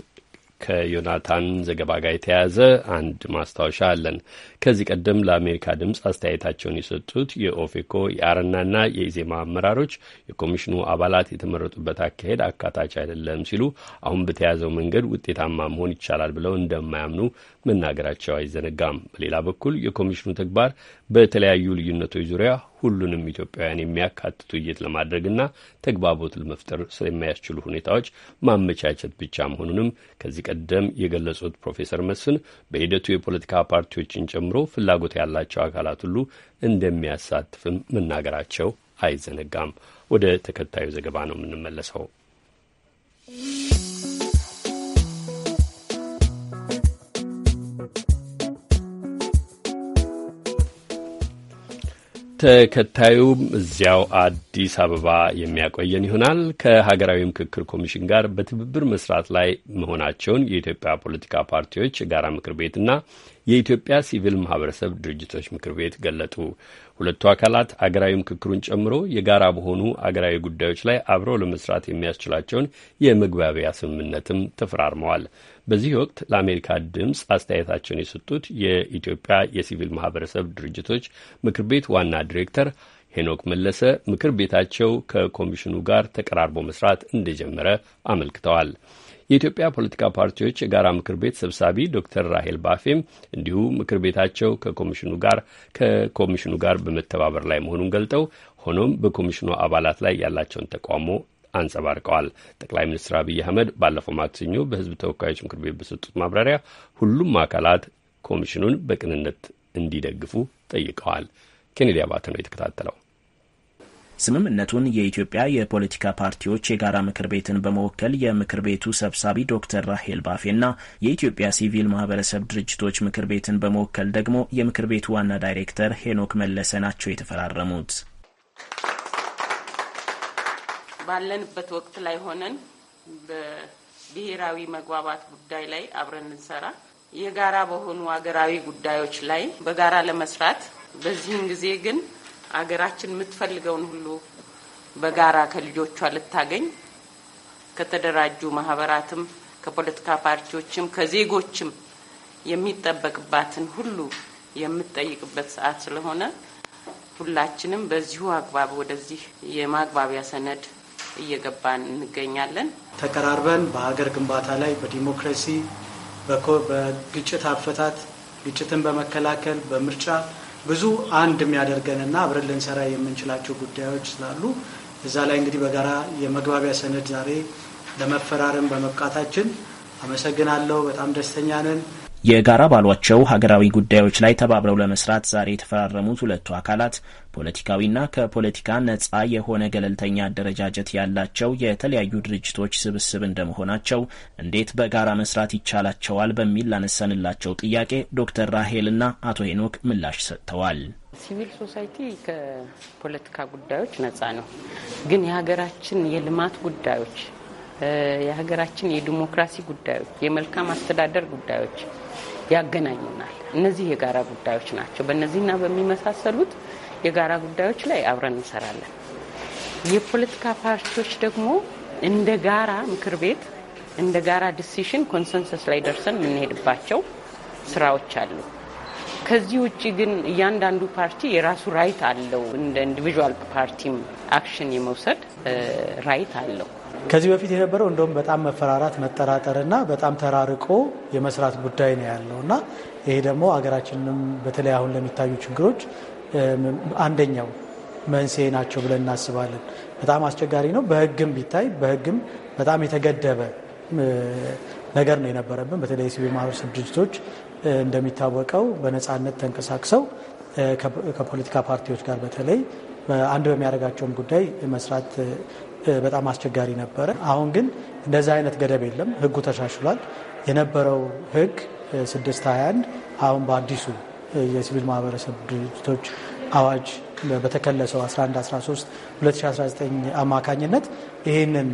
ከዮናታን ዘገባ ጋር የተያያዘ አንድ ማስታወሻ አለን። ከዚህ ቀደም ለአሜሪካ ድምፅ አስተያየታቸውን የሰጡት የኦፌኮ የአረናና የኢዜማ አመራሮች የኮሚሽኑ አባላት የተመረጡበት አካሄድ አካታች አይደለም ሲሉ አሁን በተያዘው መንገድ ውጤታማ መሆን ይቻላል ብለው እንደማያምኑ መናገራቸው አይዘነጋም። በሌላ በኩል የኮሚሽኑ ተግባር በተለያዩ ልዩነቶች ዙሪያ ሁሉንም ኢትዮጵያውያን የሚያካትት ውይይት ለማድረግና ተግባቦት ለመፍጠር ስለሚያስችሉ ሁኔታዎች ማመቻቸት ብቻ መሆኑንም ከዚህ ቀደም የገለጹት ፕሮፌሰር መስፍን በሂደቱ የፖለቲካ ፓርቲዎችን ጨምሮ ፍላጎት ያላቸው አካላት ሁሉ እንደሚያሳትፍም መናገራቸው አይዘነጋም። ወደ ተከታዩ ዘገባ ነው የምንመለሰው። ተከታዩም እዚያው አዲስ አበባ የሚያቆየን ይሆናል። ከሀገራዊ ምክክር ኮሚሽን ጋር በትብብር መስራት ላይ መሆናቸውን የኢትዮጵያ ፖለቲካ ፓርቲዎች የጋራ ምክር ቤትና የኢትዮጵያ ሲቪል ማህበረሰብ ድርጅቶች ምክር ቤት ገለጡ። ሁለቱ አካላት አገራዊ ምክክሩን ጨምሮ የጋራ በሆኑ አገራዊ ጉዳዮች ላይ አብረው ለመስራት የሚያስችላቸውን የመግባቢያ ስምምነትም ተፈራርመዋል። በዚህ ወቅት ለአሜሪካ ድምፅ አስተያየታቸውን የሰጡት የኢትዮጵያ የሲቪል ማህበረሰብ ድርጅቶች ምክር ቤት ዋና ዲሬክተር ሄኖክ መለሰ ምክር ቤታቸው ከኮሚሽኑ ጋር ተቀራርቦ መስራት እንደጀመረ አመልክተዋል። የኢትዮጵያ ፖለቲካ ፓርቲዎች የጋራ ምክር ቤት ሰብሳቢ ዶክተር ራሄል ባፌም እንዲሁ ምክር ቤታቸው ከኮሚሽኑ ጋር ከኮሚሽኑ ጋር በመተባበር ላይ መሆኑን ገልጠው ሆኖም በኮሚሽኑ አባላት ላይ ያላቸውን ተቃውሞ አንጸባርቀዋል። ጠቅላይ ሚኒስትር አብይ አህመድ ባለፈው ማክሰኞ በህዝብ ተወካዮች ምክር ቤት በሰጡት ማብራሪያ ሁሉም አካላት ኮሚሽኑን በቅንነት እንዲደግፉ ጠይቀዋል። ኬኔዲ አባተ ነው የተከታተለው። ስምምነቱን የኢትዮጵያ የፖለቲካ ፓርቲዎች የጋራ ምክር ቤትን በመወከል የምክር ቤቱ ሰብሳቢ ዶክተር ራሄል ባፌና የኢትዮጵያ ሲቪል ማህበረሰብ ድርጅቶች ምክር ቤትን በመወከል ደግሞ የምክር ቤቱ ዋና ዳይሬክተር ሄኖክ መለሰ ናቸው የተፈራረሙት። ባለንበት ወቅት ላይ ሆነን በብሔራዊ መግባባት ጉዳይ ላይ አብረን እንሰራ፣ የጋራ በሆኑ አገራዊ ጉዳዮች ላይ በጋራ ለመስራት በዚህን ጊዜ ግን አገራችን የምትፈልገውን ሁሉ በጋራ ከልጆቿ ልታገኝ ከተደራጁ ማህበራትም ከፖለቲካ ፓርቲዎችም ከዜጎችም የሚጠበቅባትን ሁሉ የምትጠይቅበት ሰዓት ስለሆነ ሁላችንም በዚሁ አግባብ ወደዚህ የማግባቢያ ሰነድ እየገባን እንገኛለን። ተቀራርበን በሀገር ግንባታ ላይ በዲሞክራሲ በግጭት አፈታት ግጭትን በመከላከል በምርጫ ብዙ አንድ የሚያደርገንና አብረን ልንሰራ የምንችላቸው ጉዳዮች ስላሉ እዛ ላይ እንግዲህ በጋራ የመግባቢያ ሰነድ ዛሬ ለመፈራረም በመብቃታችን አመሰግናለሁ። በጣም ደስተኛ ነን። የጋራ ባሏቸው ሀገራዊ ጉዳዮች ላይ ተባብረው ለመስራት ዛሬ የተፈራረሙት ሁለቱ አካላት ፖለቲካዊና ከፖለቲካ ነጻ የሆነ ገለልተኛ አደረጃጀት ያላቸው የተለያዩ ድርጅቶች ስብስብ እንደመሆናቸው እንዴት በጋራ መስራት ይቻላቸዋል በሚል ላነሰንላቸው ጥያቄ ዶክተር ራሄልና አቶ ሄኖክ ምላሽ ሰጥተዋል። ሲቪል ሶሳይቲ ከፖለቲካ ጉዳዮች ነጻ ነው፣ ግን የሀገራችን የልማት ጉዳዮች፣ የሀገራችን የዲሞክራሲ ጉዳዮች፣ የመልካም አስተዳደር ጉዳዮች ያገናኙናል። እነዚህ የጋራ ጉዳዮች ናቸው። በእነዚህና በሚመሳሰሉት የጋራ ጉዳዮች ላይ አብረን እንሰራለን። የፖለቲካ ፓርቲዎች ደግሞ እንደ ጋራ ምክር ቤት እንደ ጋራ ዲሲሽን ኮንሰንሰስ ላይ ደርሰን የምንሄድባቸው ስራዎች አሉ። ከዚህ ውጭ ግን እያንዳንዱ ፓርቲ የራሱ ራይት አለው። እንደ ኢንዲቪዥዋል ፓርቲም አክሽን የመውሰድ ራይት አለው። ከዚህ በፊት የነበረው እንደውም በጣም መፈራራት፣ መጠራጠርና በጣም ተራርቆ የመስራት ጉዳይ ነው ያለው እና ይሄ ደግሞ ሀገራችንም በተለይ አሁን ለሚታዩ ችግሮች አንደኛው መንስኤ ናቸው ብለን እናስባለን። በጣም አስቸጋሪ ነው። በህግም ቢታይ በህግም በጣም የተገደበ ነገር ነው የነበረብን። በተለይ ሲቪል ማህበረሰብ ድርጅቶች እንደሚታወቀው በነፃነት ተንቀሳቅሰው ከፖለቲካ ፓርቲዎች ጋር በተለይ አንድ በሚያደርጋቸውም ጉዳይ መስራት በጣም አስቸጋሪ ነበረ። አሁን ግን እንደዚህ አይነት ገደብ የለም። ህጉ ተሻሽሏል። የነበረው ህግ 621 አሁን በአዲሱ የሲቪል ማህበረሰብ ድርጅቶች አዋጅ በተከለሰው 1113 2019 አማካኝነት ይህንን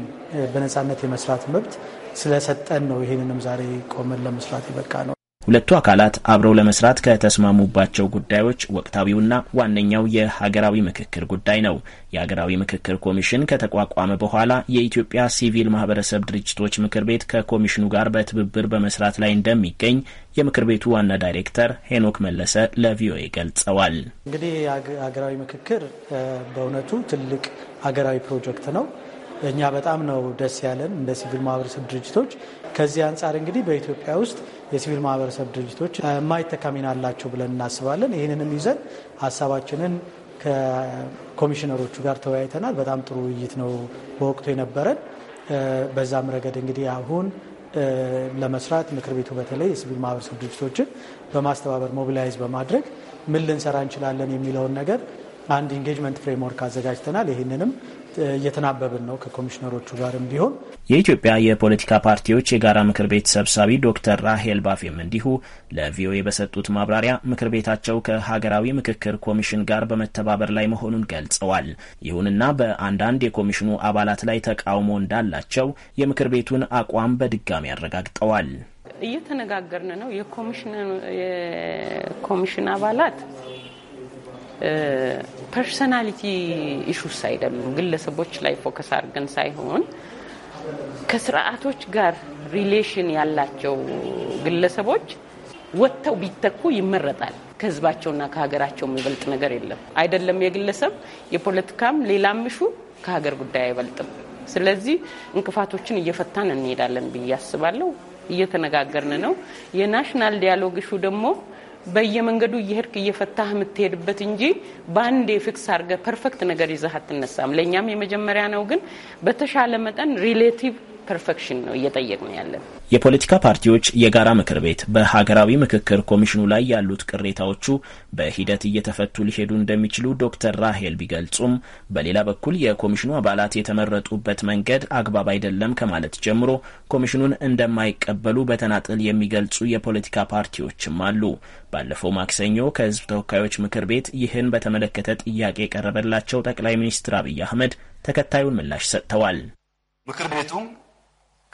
በነፃነት የመስራት መብት ስለሰጠን ነው። ይህንንም ዛሬ ቆመን ለመስራት የበቃ ነው። ሁለቱ አካላት አብረው ለመስራት ከተስማሙባቸው ጉዳዮች ወቅታዊውና ዋነኛው የሀገራዊ ምክክር ጉዳይ ነው። የሀገራዊ ምክክር ኮሚሽን ከተቋቋመ በኋላ የኢትዮጵያ ሲቪል ማህበረሰብ ድርጅቶች ምክር ቤት ከኮሚሽኑ ጋር በትብብር በመስራት ላይ እንደሚገኝ የምክር ቤቱ ዋና ዳይሬክተር ሄኖክ መለሰ ለቪኦኤ ገልጸዋል። እንግዲህ ሀገራዊ ምክክር በእውነቱ ትልቅ ሀገራዊ ፕሮጀክት ነው። እኛ በጣም ነው ደስ ያለን እንደ ሲቪል ማህበረሰብ ድርጅቶች። ከዚህ አንጻር እንግዲህ በኢትዮጵያ ውስጥ የሲቪል ማህበረሰብ ድርጅቶች የማይተካ ሚና አላቸው ብለን እናስባለን። ይህንንም ይዘን ሀሳባችንን ከኮሚሽነሮቹ ጋር ተወያይተናል። በጣም ጥሩ ውይይት ነው በወቅቱ የነበረን። በዛም ረገድ እንግዲህ አሁን ለመስራት ምክር ቤቱ በተለይ የሲቪል ማህበረሰብ ድርጅቶችን በማስተባበር ሞቢላይዝ በማድረግ ምን ልንሰራ እንችላለን የሚለውን ነገር አንድ ኢንጌጅመንት ፍሬምወርክ አዘጋጅተናል። ይህንንም እየተናበብን ነው ከኮሚሽነሮቹ ጋርም ቢሆን። የኢትዮጵያ የፖለቲካ ፓርቲዎች የጋራ ምክር ቤት ሰብሳቢ ዶክተር ራሄል ባፌም እንዲሁ ለቪኦኤ በሰጡት ማብራሪያ ምክር ቤታቸው ከሀገራዊ ምክክር ኮሚሽን ጋር በመተባበር ላይ መሆኑን ገልጸዋል። ይሁንና በአንዳንድ የኮሚሽኑ አባላት ላይ ተቃውሞ እንዳላቸው የምክር ቤቱን አቋም በድጋሚ አረጋግጠዋል። እየተነጋገርን ነው። የኮሚሽን አባላት ፐርሰናሊቲ ኢሹስ አይደሉም። ግለሰቦች ላይ ፎከስ አድርገን ሳይሆን ከስርዓቶች ጋር ሪሌሽን ያላቸው ግለሰቦች ወጥተው ቢተኩ ይመረጣል። ከህዝባቸውና ከሀገራቸው የሚበልጥ ነገር የለም። አይደለም የግለሰብ የፖለቲካም ሌላም እሹ ከሀገር ጉዳይ አይበልጥም። ስለዚህ እንቅፋቶችን እየፈታን እንሄዳለን ብዬ አስባለሁ። እየተነጋገርን ነው። የናሽናል ዲያሎግ እሹ ደግሞ በየመንገዱ እየሄድክ እየፈታህ የምትሄድበት እንጂ በአንድ የፊክስ አድርገህ ፐርፌክት ነገር ይዘህ አትነሳም። ለእኛም የመጀመሪያ ነው፣ ግን በተሻለ መጠን ሪሌቲቭ ፐርፌክሽን ነው እየጠየቅ ነው ያለን። የፖለቲካ ፓርቲዎች የጋራ ምክር ቤት በሀገራዊ ምክክር ኮሚሽኑ ላይ ያሉት ቅሬታዎቹ በሂደት እየተፈቱ ሊሄዱ እንደሚችሉ ዶክተር ራሄል ቢገልጹም በሌላ በኩል የኮሚሽኑ አባላት የተመረጡበት መንገድ አግባብ አይደለም ከማለት ጀምሮ ኮሚሽኑን እንደማይቀበሉ በተናጥል የሚገልጹ የፖለቲካ ፓርቲዎችም አሉ። ባለፈው ማክሰኞ ከህዝብ ተወካዮች ምክር ቤት ይህን በተመለከተ ጥያቄ የቀረበላቸው ጠቅላይ ሚኒስትር አብይ አህመድ ተከታዩን ምላሽ ሰጥተዋል። ምክር ቤቱም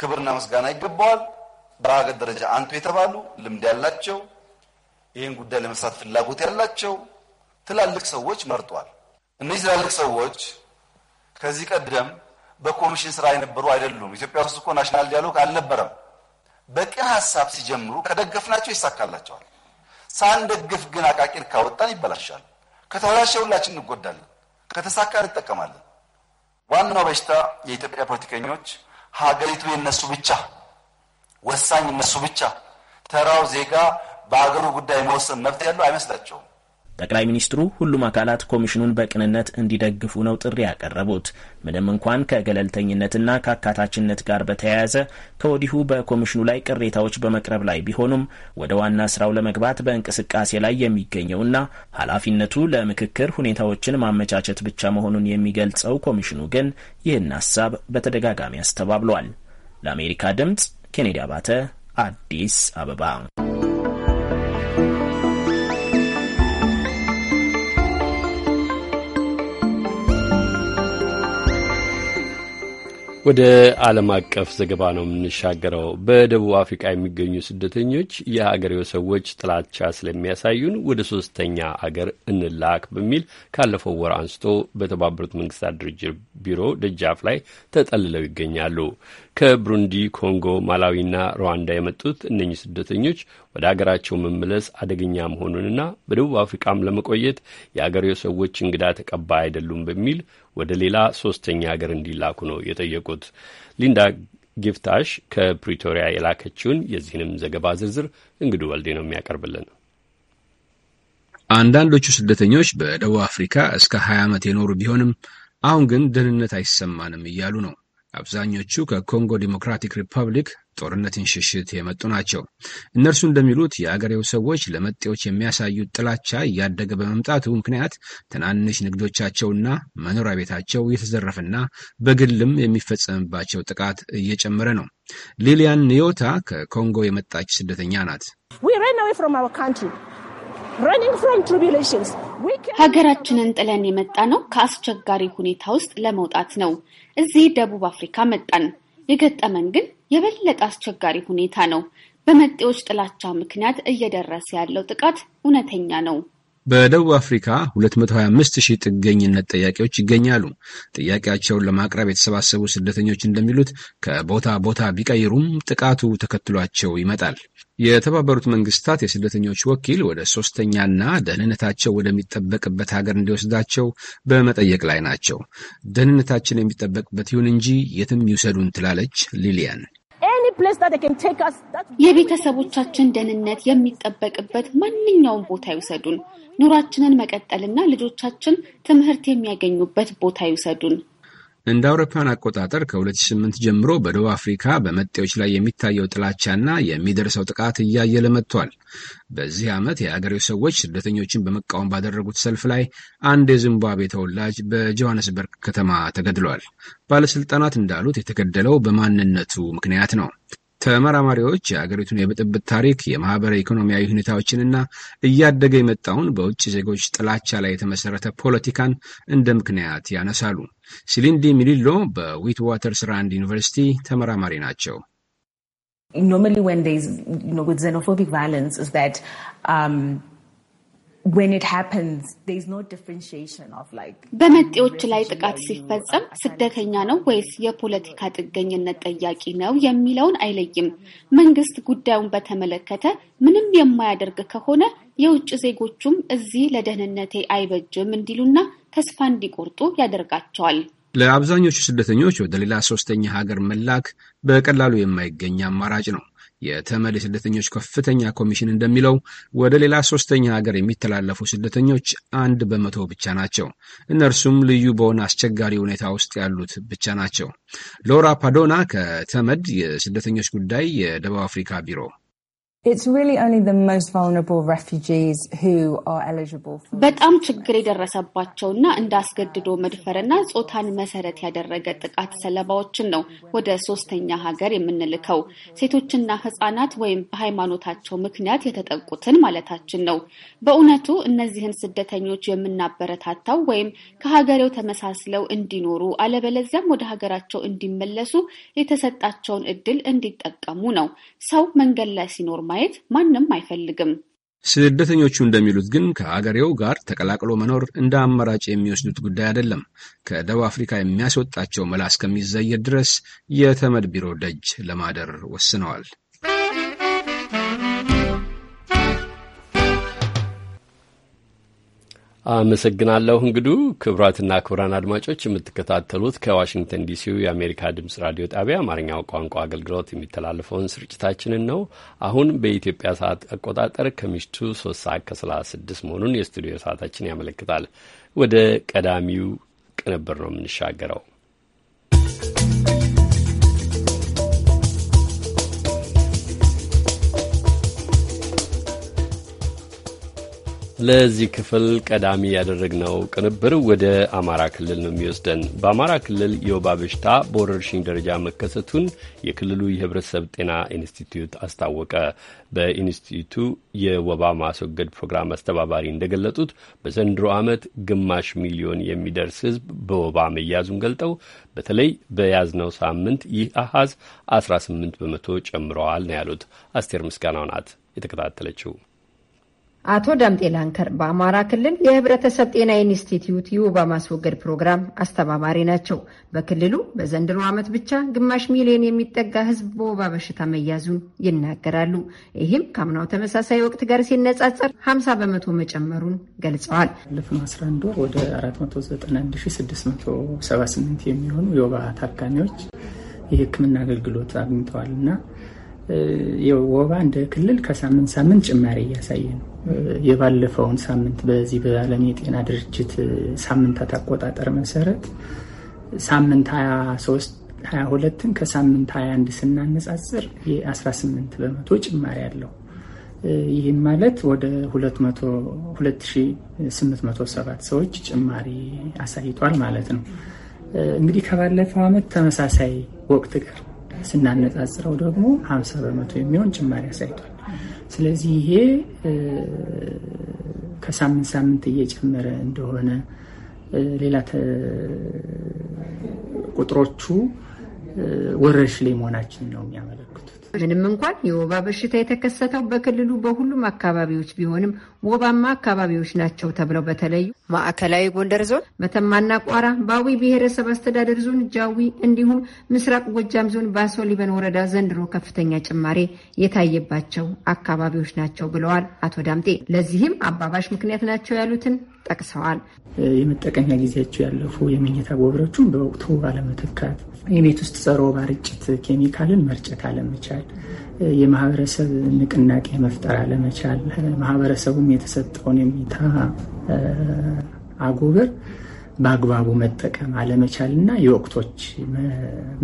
ክብርና ምስጋና ይገባዋል። በሀገር ደረጃ አንቱ የተባሉ ልምድ ያላቸው ይህን ጉዳይ ለመስራት ፍላጎት ያላቸው ትላልቅ ሰዎች መርጧል። እነዚህ ትላልቅ ሰዎች ከዚህ ቀደም በኮሚሽን ስራ የነበሩ አይደሉም። ኢትዮጵያ ውስጥ እኮ ናሽናል ዲያሎግ አልነበረም። በቅን ሀሳብ ሲጀምሩ ከደገፍናቸው ይሳካላቸዋል። ሳንደግፍ ግን አቃቂር ካወጣን ይበላሻል። ከተበላሸ ሁላችን እንጎዳለን። ከተሳካ እንጠቀማለን። ዋናው በሽታ የኢትዮጵያ ፖለቲከኞች ሀገሪቱ የነሱ ብቻ ወሳኝ እነሱ ብቻ ተራው ዜጋ በሀገሩ ጉዳይ መወሰን መብት ያለው አይመስላቸውም። ጠቅላይ ሚኒስትሩ ሁሉም አካላት ኮሚሽኑን በቅንነት እንዲደግፉ ነው ጥሪ ያቀረቡት። ምንም እንኳን ከገለልተኝነትና ከአካታችነት ጋር በተያያዘ ከወዲሁ በኮሚሽኑ ላይ ቅሬታዎች በመቅረብ ላይ ቢሆኑም ወደ ዋና ስራው ለመግባት በእንቅስቃሴ ላይ የሚገኘውና ኃላፊነቱ ለምክክር ሁኔታዎችን ማመቻቸት ብቻ መሆኑን የሚገልጸው ኮሚሽኑ ግን ይህን ሀሳብ በተደጋጋሚ አስተባብሏል። ለአሜሪካ ድምጽ ኬኔዲ አባተ አዲስ አበባ ወደ ዓለም አቀፍ ዘገባ ነው የምንሻገረው። በደቡብ አፍሪካ የሚገኙ ስደተኞች የአገሬው ሰዎች ጥላቻ ስለሚያሳዩን ወደ ሶስተኛ አገር እንላክ በሚል ካለፈው ወር አንስቶ በተባበሩት መንግስታት ድርጅት ቢሮ ደጃፍ ላይ ተጠልለው ይገኛሉ። ከብሩንዲ፣ ኮንጎ፣ ማላዊና ሩዋንዳ የመጡት እነኚህ ስደተኞች ወደ አገራቸው መመለስ አደገኛ መሆኑንና በደቡብ አፍሪቃም ለመቆየት የአገሬው ሰዎች እንግዳ ተቀባይ አይደሉም በሚል ወደ ሌላ ሶስተኛ አገር እንዲላኩ ነው የጠየቁት። ሊንዳ ጊፍታሽ ከፕሪቶሪያ የላከችውን የዚህንም ዘገባ ዝርዝር እንግዱ ወልዴ ነው የሚያቀርብልን። አንዳንዶቹ ስደተኞች በደቡብ አፍሪካ እስከ 20 ዓመት የኖሩ ቢሆንም አሁን ግን ደህንነት አይሰማንም እያሉ ነው። አብዛኞቹ ከኮንጎ ዲሞክራቲክ ሪፐብሊክ ጦርነትን ሽሽት የመጡ ናቸው። እነርሱ እንደሚሉት የአገሬው ሰዎች ለመጤዎች የሚያሳዩት ጥላቻ እያደገ በመምጣቱ ምክንያት ትናንሽ ንግዶቻቸውና መኖሪያ ቤታቸው እየተዘረፈና በግልም የሚፈጸምባቸው ጥቃት እየጨመረ ነው። ሊሊያን ኒዮታ ከኮንጎ የመጣች ስደተኛ ናት። ሀገራችንን ጥለን የመጣ ነው ከአስቸጋሪ ሁኔታ ውስጥ ለመውጣት ነው። እዚህ ደቡብ አፍሪካ መጣን። የገጠመን ግን የበለጠ አስቸጋሪ ሁኔታ ነው። በመጤዎች ጥላቻ ምክንያት እየደረሰ ያለው ጥቃት እውነተኛ ነው። በደቡብ አፍሪካ 225,000 ጥገኝነት ጥያቄዎች ይገኛሉ። ጥያቄያቸውን ለማቅረብ የተሰባሰቡ ስደተኞች እንደሚሉት ከቦታ ቦታ ቢቀይሩም ጥቃቱ ተከትሏቸው ይመጣል። የተባበሩት መንግስታት የስደተኞች ወኪል ወደ ሶስተኛና ደህንነታቸው ወደሚጠበቅበት ሀገር እንዲወስዳቸው በመጠየቅ ላይ ናቸው። ደህንነታችን የሚጠበቅበት ይሁን እንጂ የትም ይውሰዱን ትላለች ሊሊያን። የቤተሰቦቻችን ደህንነት የሚጠበቅበት ማንኛውም ቦታ ይውሰዱን። ኑሯችንን መቀጠልና ልጆቻችን ትምህርት የሚያገኙበት ቦታ ይውሰዱን። እንደ አውሮፓውያን አቆጣጠር ከ2008 ጀምሮ በደቡብ አፍሪካ በመጤዎች ላይ የሚታየው ጥላቻና የሚደርሰው ጥቃት እያየለ መጥቷል። በዚህ ዓመት የአገሬው ሰዎች ስደተኞችን በመቃወም ባደረጉት ሰልፍ ላይ አንድ የዚምባብዌ ተወላጅ በጆሃንስበርግ ከተማ ተገድሏል። ባለሥልጣናት እንዳሉት የተገደለው በማንነቱ ምክንያት ነው። ተመራማሪዎች የአገሪቱን የብጥብጥ ታሪክ፣ የማህበረ ኢኮኖሚያዊ ሁኔታዎችንና እያደገ የመጣውን በውጭ ዜጎች ጥላቻ ላይ የተመሰረተ ፖለቲካን እንደ ምክንያት ያነሳሉ። ሲሊንዲ ሚሊሎ በዊት ዋተር ስራንድ ዩኒቨርሲቲ ተመራማሪ ናቸው። ኖርማሊ ዌን ዜኖፎቢክ ቫዮለንስ በመጤዎች ላይ ጥቃት ሲፈጸም ስደተኛ ነው ወይስ የፖለቲካ ጥገኝነት ጠያቂ ነው የሚለውን አይለይም። መንግስት ጉዳዩን በተመለከተ ምንም የማያደርግ ከሆነ የውጭ ዜጎቹም እዚህ ለደህንነቴ አይበጅም እንዲሉና ተስፋ እንዲቆርጡ ያደርጋቸዋል። ለአብዛኞቹ ስደተኞች ወደ ሌላ ሶስተኛ ሀገር መላክ በቀላሉ የማይገኝ አማራጭ ነው። የተመድ የስደተኞች ከፍተኛ ኮሚሽን እንደሚለው ወደ ሌላ ሶስተኛ ሀገር የሚተላለፉ ስደተኞች አንድ በመቶ ብቻ ናቸው። እነርሱም ልዩ በሆነ አስቸጋሪ ሁኔታ ውስጥ ያሉት ብቻ ናቸው። ሎራ ፓዶና ከተመድ የስደተኞች ጉዳይ የደቡብ አፍሪካ ቢሮ በጣም ችግር የደረሰባቸውና እንደ አስገድዶ መድፈርና ጾታን መሰረት ያደረገ ጥቃት ሰለባዎችን ነው ወደ ሶስተኛ ሀገር የምንልከው። ሴቶችና ህፃናት ወይም በሃይማኖታቸው ምክንያት የተጠቁትን ማለታችን ነው። በእውነቱ እነዚህን ስደተኞች የምናበረታታው ወይም ከሀገሬው ተመሳስለው እንዲኖሩ አለበለዚያም ወደ ሀገራቸው እንዲመለሱ የተሰጣቸውን እድል እንዲጠቀሙ ነው። ሰው መንገድ ላይ ሲኖር ማየት ማንም አይፈልግም። ስደተኞቹ እንደሚሉት ግን ከአገሬው ጋር ተቀላቅሎ መኖር እንደ አማራጭ የሚወስዱት ጉዳይ አይደለም። ከደቡብ አፍሪካ የሚያስወጣቸው መላ እስከሚዘየድ ድረስ የተመድ ቢሮ ደጅ ለማደር ወስነዋል። አመሰግናለሁ እንግዱ። ክቡራትና ክቡራን አድማጮች የምትከታተሉት ከዋሽንግተን ዲሲው የአሜሪካ ድምጽ ራዲዮ ጣቢያ አማርኛው ቋንቋ አገልግሎት የሚተላለፈውን ስርጭታችንን ነው። አሁን በኢትዮጵያ ሰዓት አቆጣጠር ከምሽቱ ሶስት ሰዓት ከሰላሳ ስድስት መሆኑን የስቱዲዮ ሰዓታችን ያመለክታል። ወደ ቀዳሚው ቅንብር ነው የምንሻገረው። ለዚህ ክፍል ቀዳሚ ያደረግነው ቅንብር ወደ አማራ ክልል ነው የሚወስደን። በአማራ ክልል የወባ በሽታ በወረርሽኝ ደረጃ መከሰቱን የክልሉ የሕብረተሰብ ጤና ኢንስቲትዩት አስታወቀ። በኢንስቲትዩቱ የወባ ማስወገድ ፕሮግራም አስተባባሪ እንደገለጡት በዘንድሮ ዓመት ግማሽ ሚሊዮን የሚደርስ ሕዝብ በወባ መያዙን ገልጠው በተለይ በያዝነው ሳምንት ይህ አሃዝ 18 በመቶ ጨምረዋል ነው ያሉት። አስቴር ምስጋናው ናት የተከታተለችው። አቶ ዳምጤ ላንከር በአማራ ክልል የህብረተሰብ ጤና ኢንስቲትዩት የወባ ማስወገድ ፕሮግራም አስተባባሪ ናቸው። በክልሉ በዘንድሮ ዓመት ብቻ ግማሽ ሚሊዮን የሚጠጋ ህዝብ በወባ በሽታ መያዙን ይናገራሉ። ይህም ከአምናው ተመሳሳይ ወቅት ጋር ሲነጻጸር 50 በመቶ መጨመሩን ገልጸዋል። ባለፈው 11 ወር ወደ 491678 የሚሆኑ የወባ ታካሚዎች የህክምና አገልግሎት አግኝተዋል እና ወባ እንደ ክልል ከሳምንት ሳምንት ጭማሪ እያሳየ ነው የባለፈውን ሳምንት በዚህ በዓለም የጤና ድርጅት ሳምንታት አቆጣጠር መሰረት ሳምንት 23 22ን ከሳምንት 21 ስናነጻጽር የ18 በመቶ ጭማሪ አለው። ይህም ማለት ወደ 2807 ሰዎች ጭማሪ አሳይቷል ማለት ነው። እንግዲህ ከባለፈው ዓመት ተመሳሳይ ወቅት ጋር ስናነጻጽረው ደግሞ 50 በመቶ የሚሆን ጭማሪ አሳይቷል። ስለዚህ ይሄ ከሳምንት ሳምንት እየጨመረ እንደሆነ ሌላ ቁጥሮቹ ወረርሽ ላይ መሆናችን ነው የሚያመለ ምንም እንኳን የወባ በሽታ የተከሰተው በክልሉ በሁሉም አካባቢዎች ቢሆንም ወባማ አካባቢዎች ናቸው ተብለው በተለዩ ማዕከላዊ ጎንደር ዞን መተማና ቋራ፣ በአዊ ብሔረሰብ አስተዳደር ዞን ጃዊ፣ እንዲሁም ምስራቅ ጎጃም ዞን ባሶ ሊበን ወረዳ ዘንድሮ ከፍተኛ ጭማሬ የታየባቸው አካባቢዎች ናቸው ብለዋል አቶ ዳምጤ። ለዚህም አባባሽ ምክንያት ናቸው ያሉትን ጠቅሰዋል። የመጠቀሚያ ጊዜያቸው ያለፉ የመኝታ ጎብሮቹን በወቅቱ አለመተካት የቤት ውስጥ ጸሮ ባርጭት ኬሚካልን መርጨት አለመቻል፣ የማህበረሰብ ንቅናቄ መፍጠር አለመቻል፣ ማህበረሰቡም የተሰጠውን የሚታ አጎበር በአግባቡ መጠቀም አለመቻል እና የወቅቶች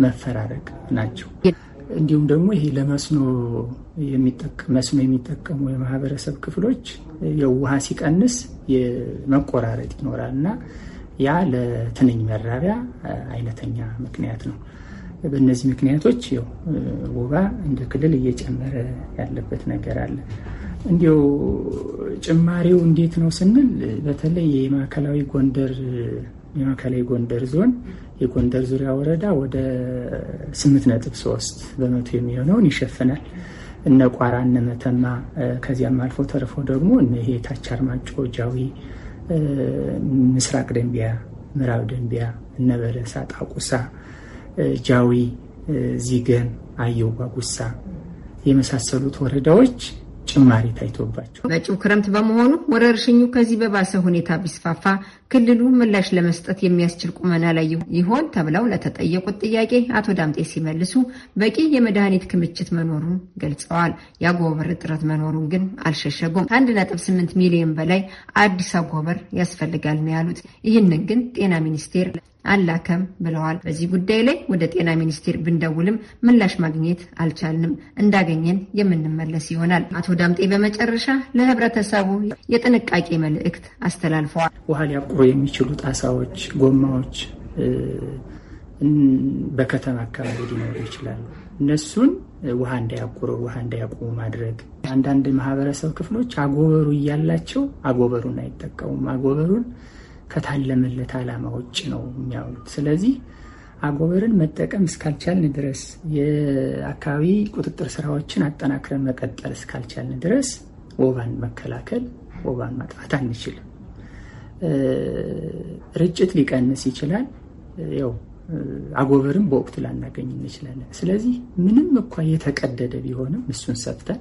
መፈራረቅ ናቸው። እንዲሁም ደግሞ ይሄ ለመስኖ መስኖ የሚጠቀሙ የማህበረሰብ ክፍሎች የውሃ ሲቀንስ መቆራረጥ ይኖራል እና ያ ለትንኝ መራቢያ አይነተኛ ምክንያት ነው። በእነዚህ ምክንያቶች ወባ እንደ ክልል እየጨመረ ያለበት ነገር አለ። እንዲው ጭማሪው እንዴት ነው ስንል በተለይ የማዕከላዊ ጎንደር የማዕከላዊ ጎንደር ዞን የጎንደር ዙሪያ ወረዳ ወደ ነጥብ ሶስት በመቶ የሚሆነውን ይሸፍናል። እነ ቋራ፣ እነ መተማ ከዚያም አልፎ ተርፎ ደግሞ እነ ይሄ ታች አርማጮ፣ ጃዊ ምስራቅ ደንቢያ፣ ምዕራብ ደንቢያ፣ እነበረሳ፣ ጣቁሳ፣ ጃዊ፣ ዚገን፣ አየው፣ ባጉሳ የመሳሰሉት ወረዳዎች ጭማሪ ታይቶባቸው መጪው ክረምት በመሆኑ ወረርሽኙ ከዚህ በባሰ ሁኔታ ቢስፋፋ ክልሉ ምላሽ ለመስጠት የሚያስችል ቁመና ላይ ይሆን ተብለው ለተጠየቁት ጥያቄ አቶ ዳምጤ ሲመልሱ በቂ የመድኃኒት ክምችት መኖሩን ገልጸዋል። የአጎበር እጥረት መኖሩን ግን አልሸሸጉም። ከአንድ ነጥብ ስምንት ሚሊዮን በላይ አዲስ አጎበር ያስፈልጋል ነው ያሉት። ይህንን ግን ጤና ሚኒስቴር አላከም ብለዋል። በዚህ ጉዳይ ላይ ወደ ጤና ሚኒስቴር ብንደውልም ምላሽ ማግኘት አልቻልንም። እንዳገኘን የምንመለስ ይሆናል። አቶ ዳምጤ በመጨረሻ ለህብረተሰቡ የጥንቃቄ መልእክት አስተላልፈዋል። ውሃ ሊያቁሩ የሚችሉ ጣሳዎች፣ ጎማዎች በከተማ አካባቢ ሊኖሩ ይችላሉ። እነሱን ውሃ እንዳያቁሩ ውሃ እንዳያቁሙ ማድረግ። አንዳንድ ማህበረሰብ ክፍሎች አጎበሩ እያላቸው አጎበሩን አይጠቀሙም። አጎበሩን ከታለመለት ዓላማ ውጭ ነው የሚያውሉት። ስለዚህ አጎበርን መጠቀም እስካልቻልን ድረስ የአካባቢ ቁጥጥር ስራዎችን አጠናክረን መቀጠል እስካልቻልን ድረስ ወባን መከላከል፣ ወባን ማጥፋት አንችልም። ርጭት ሊቀንስ ይችላል። ያው አጎበርን በወቅቱ ላናገኝ እንችላለን። ስለዚህ ምንም እኳ የተቀደደ ቢሆንም እሱን ሰፍተን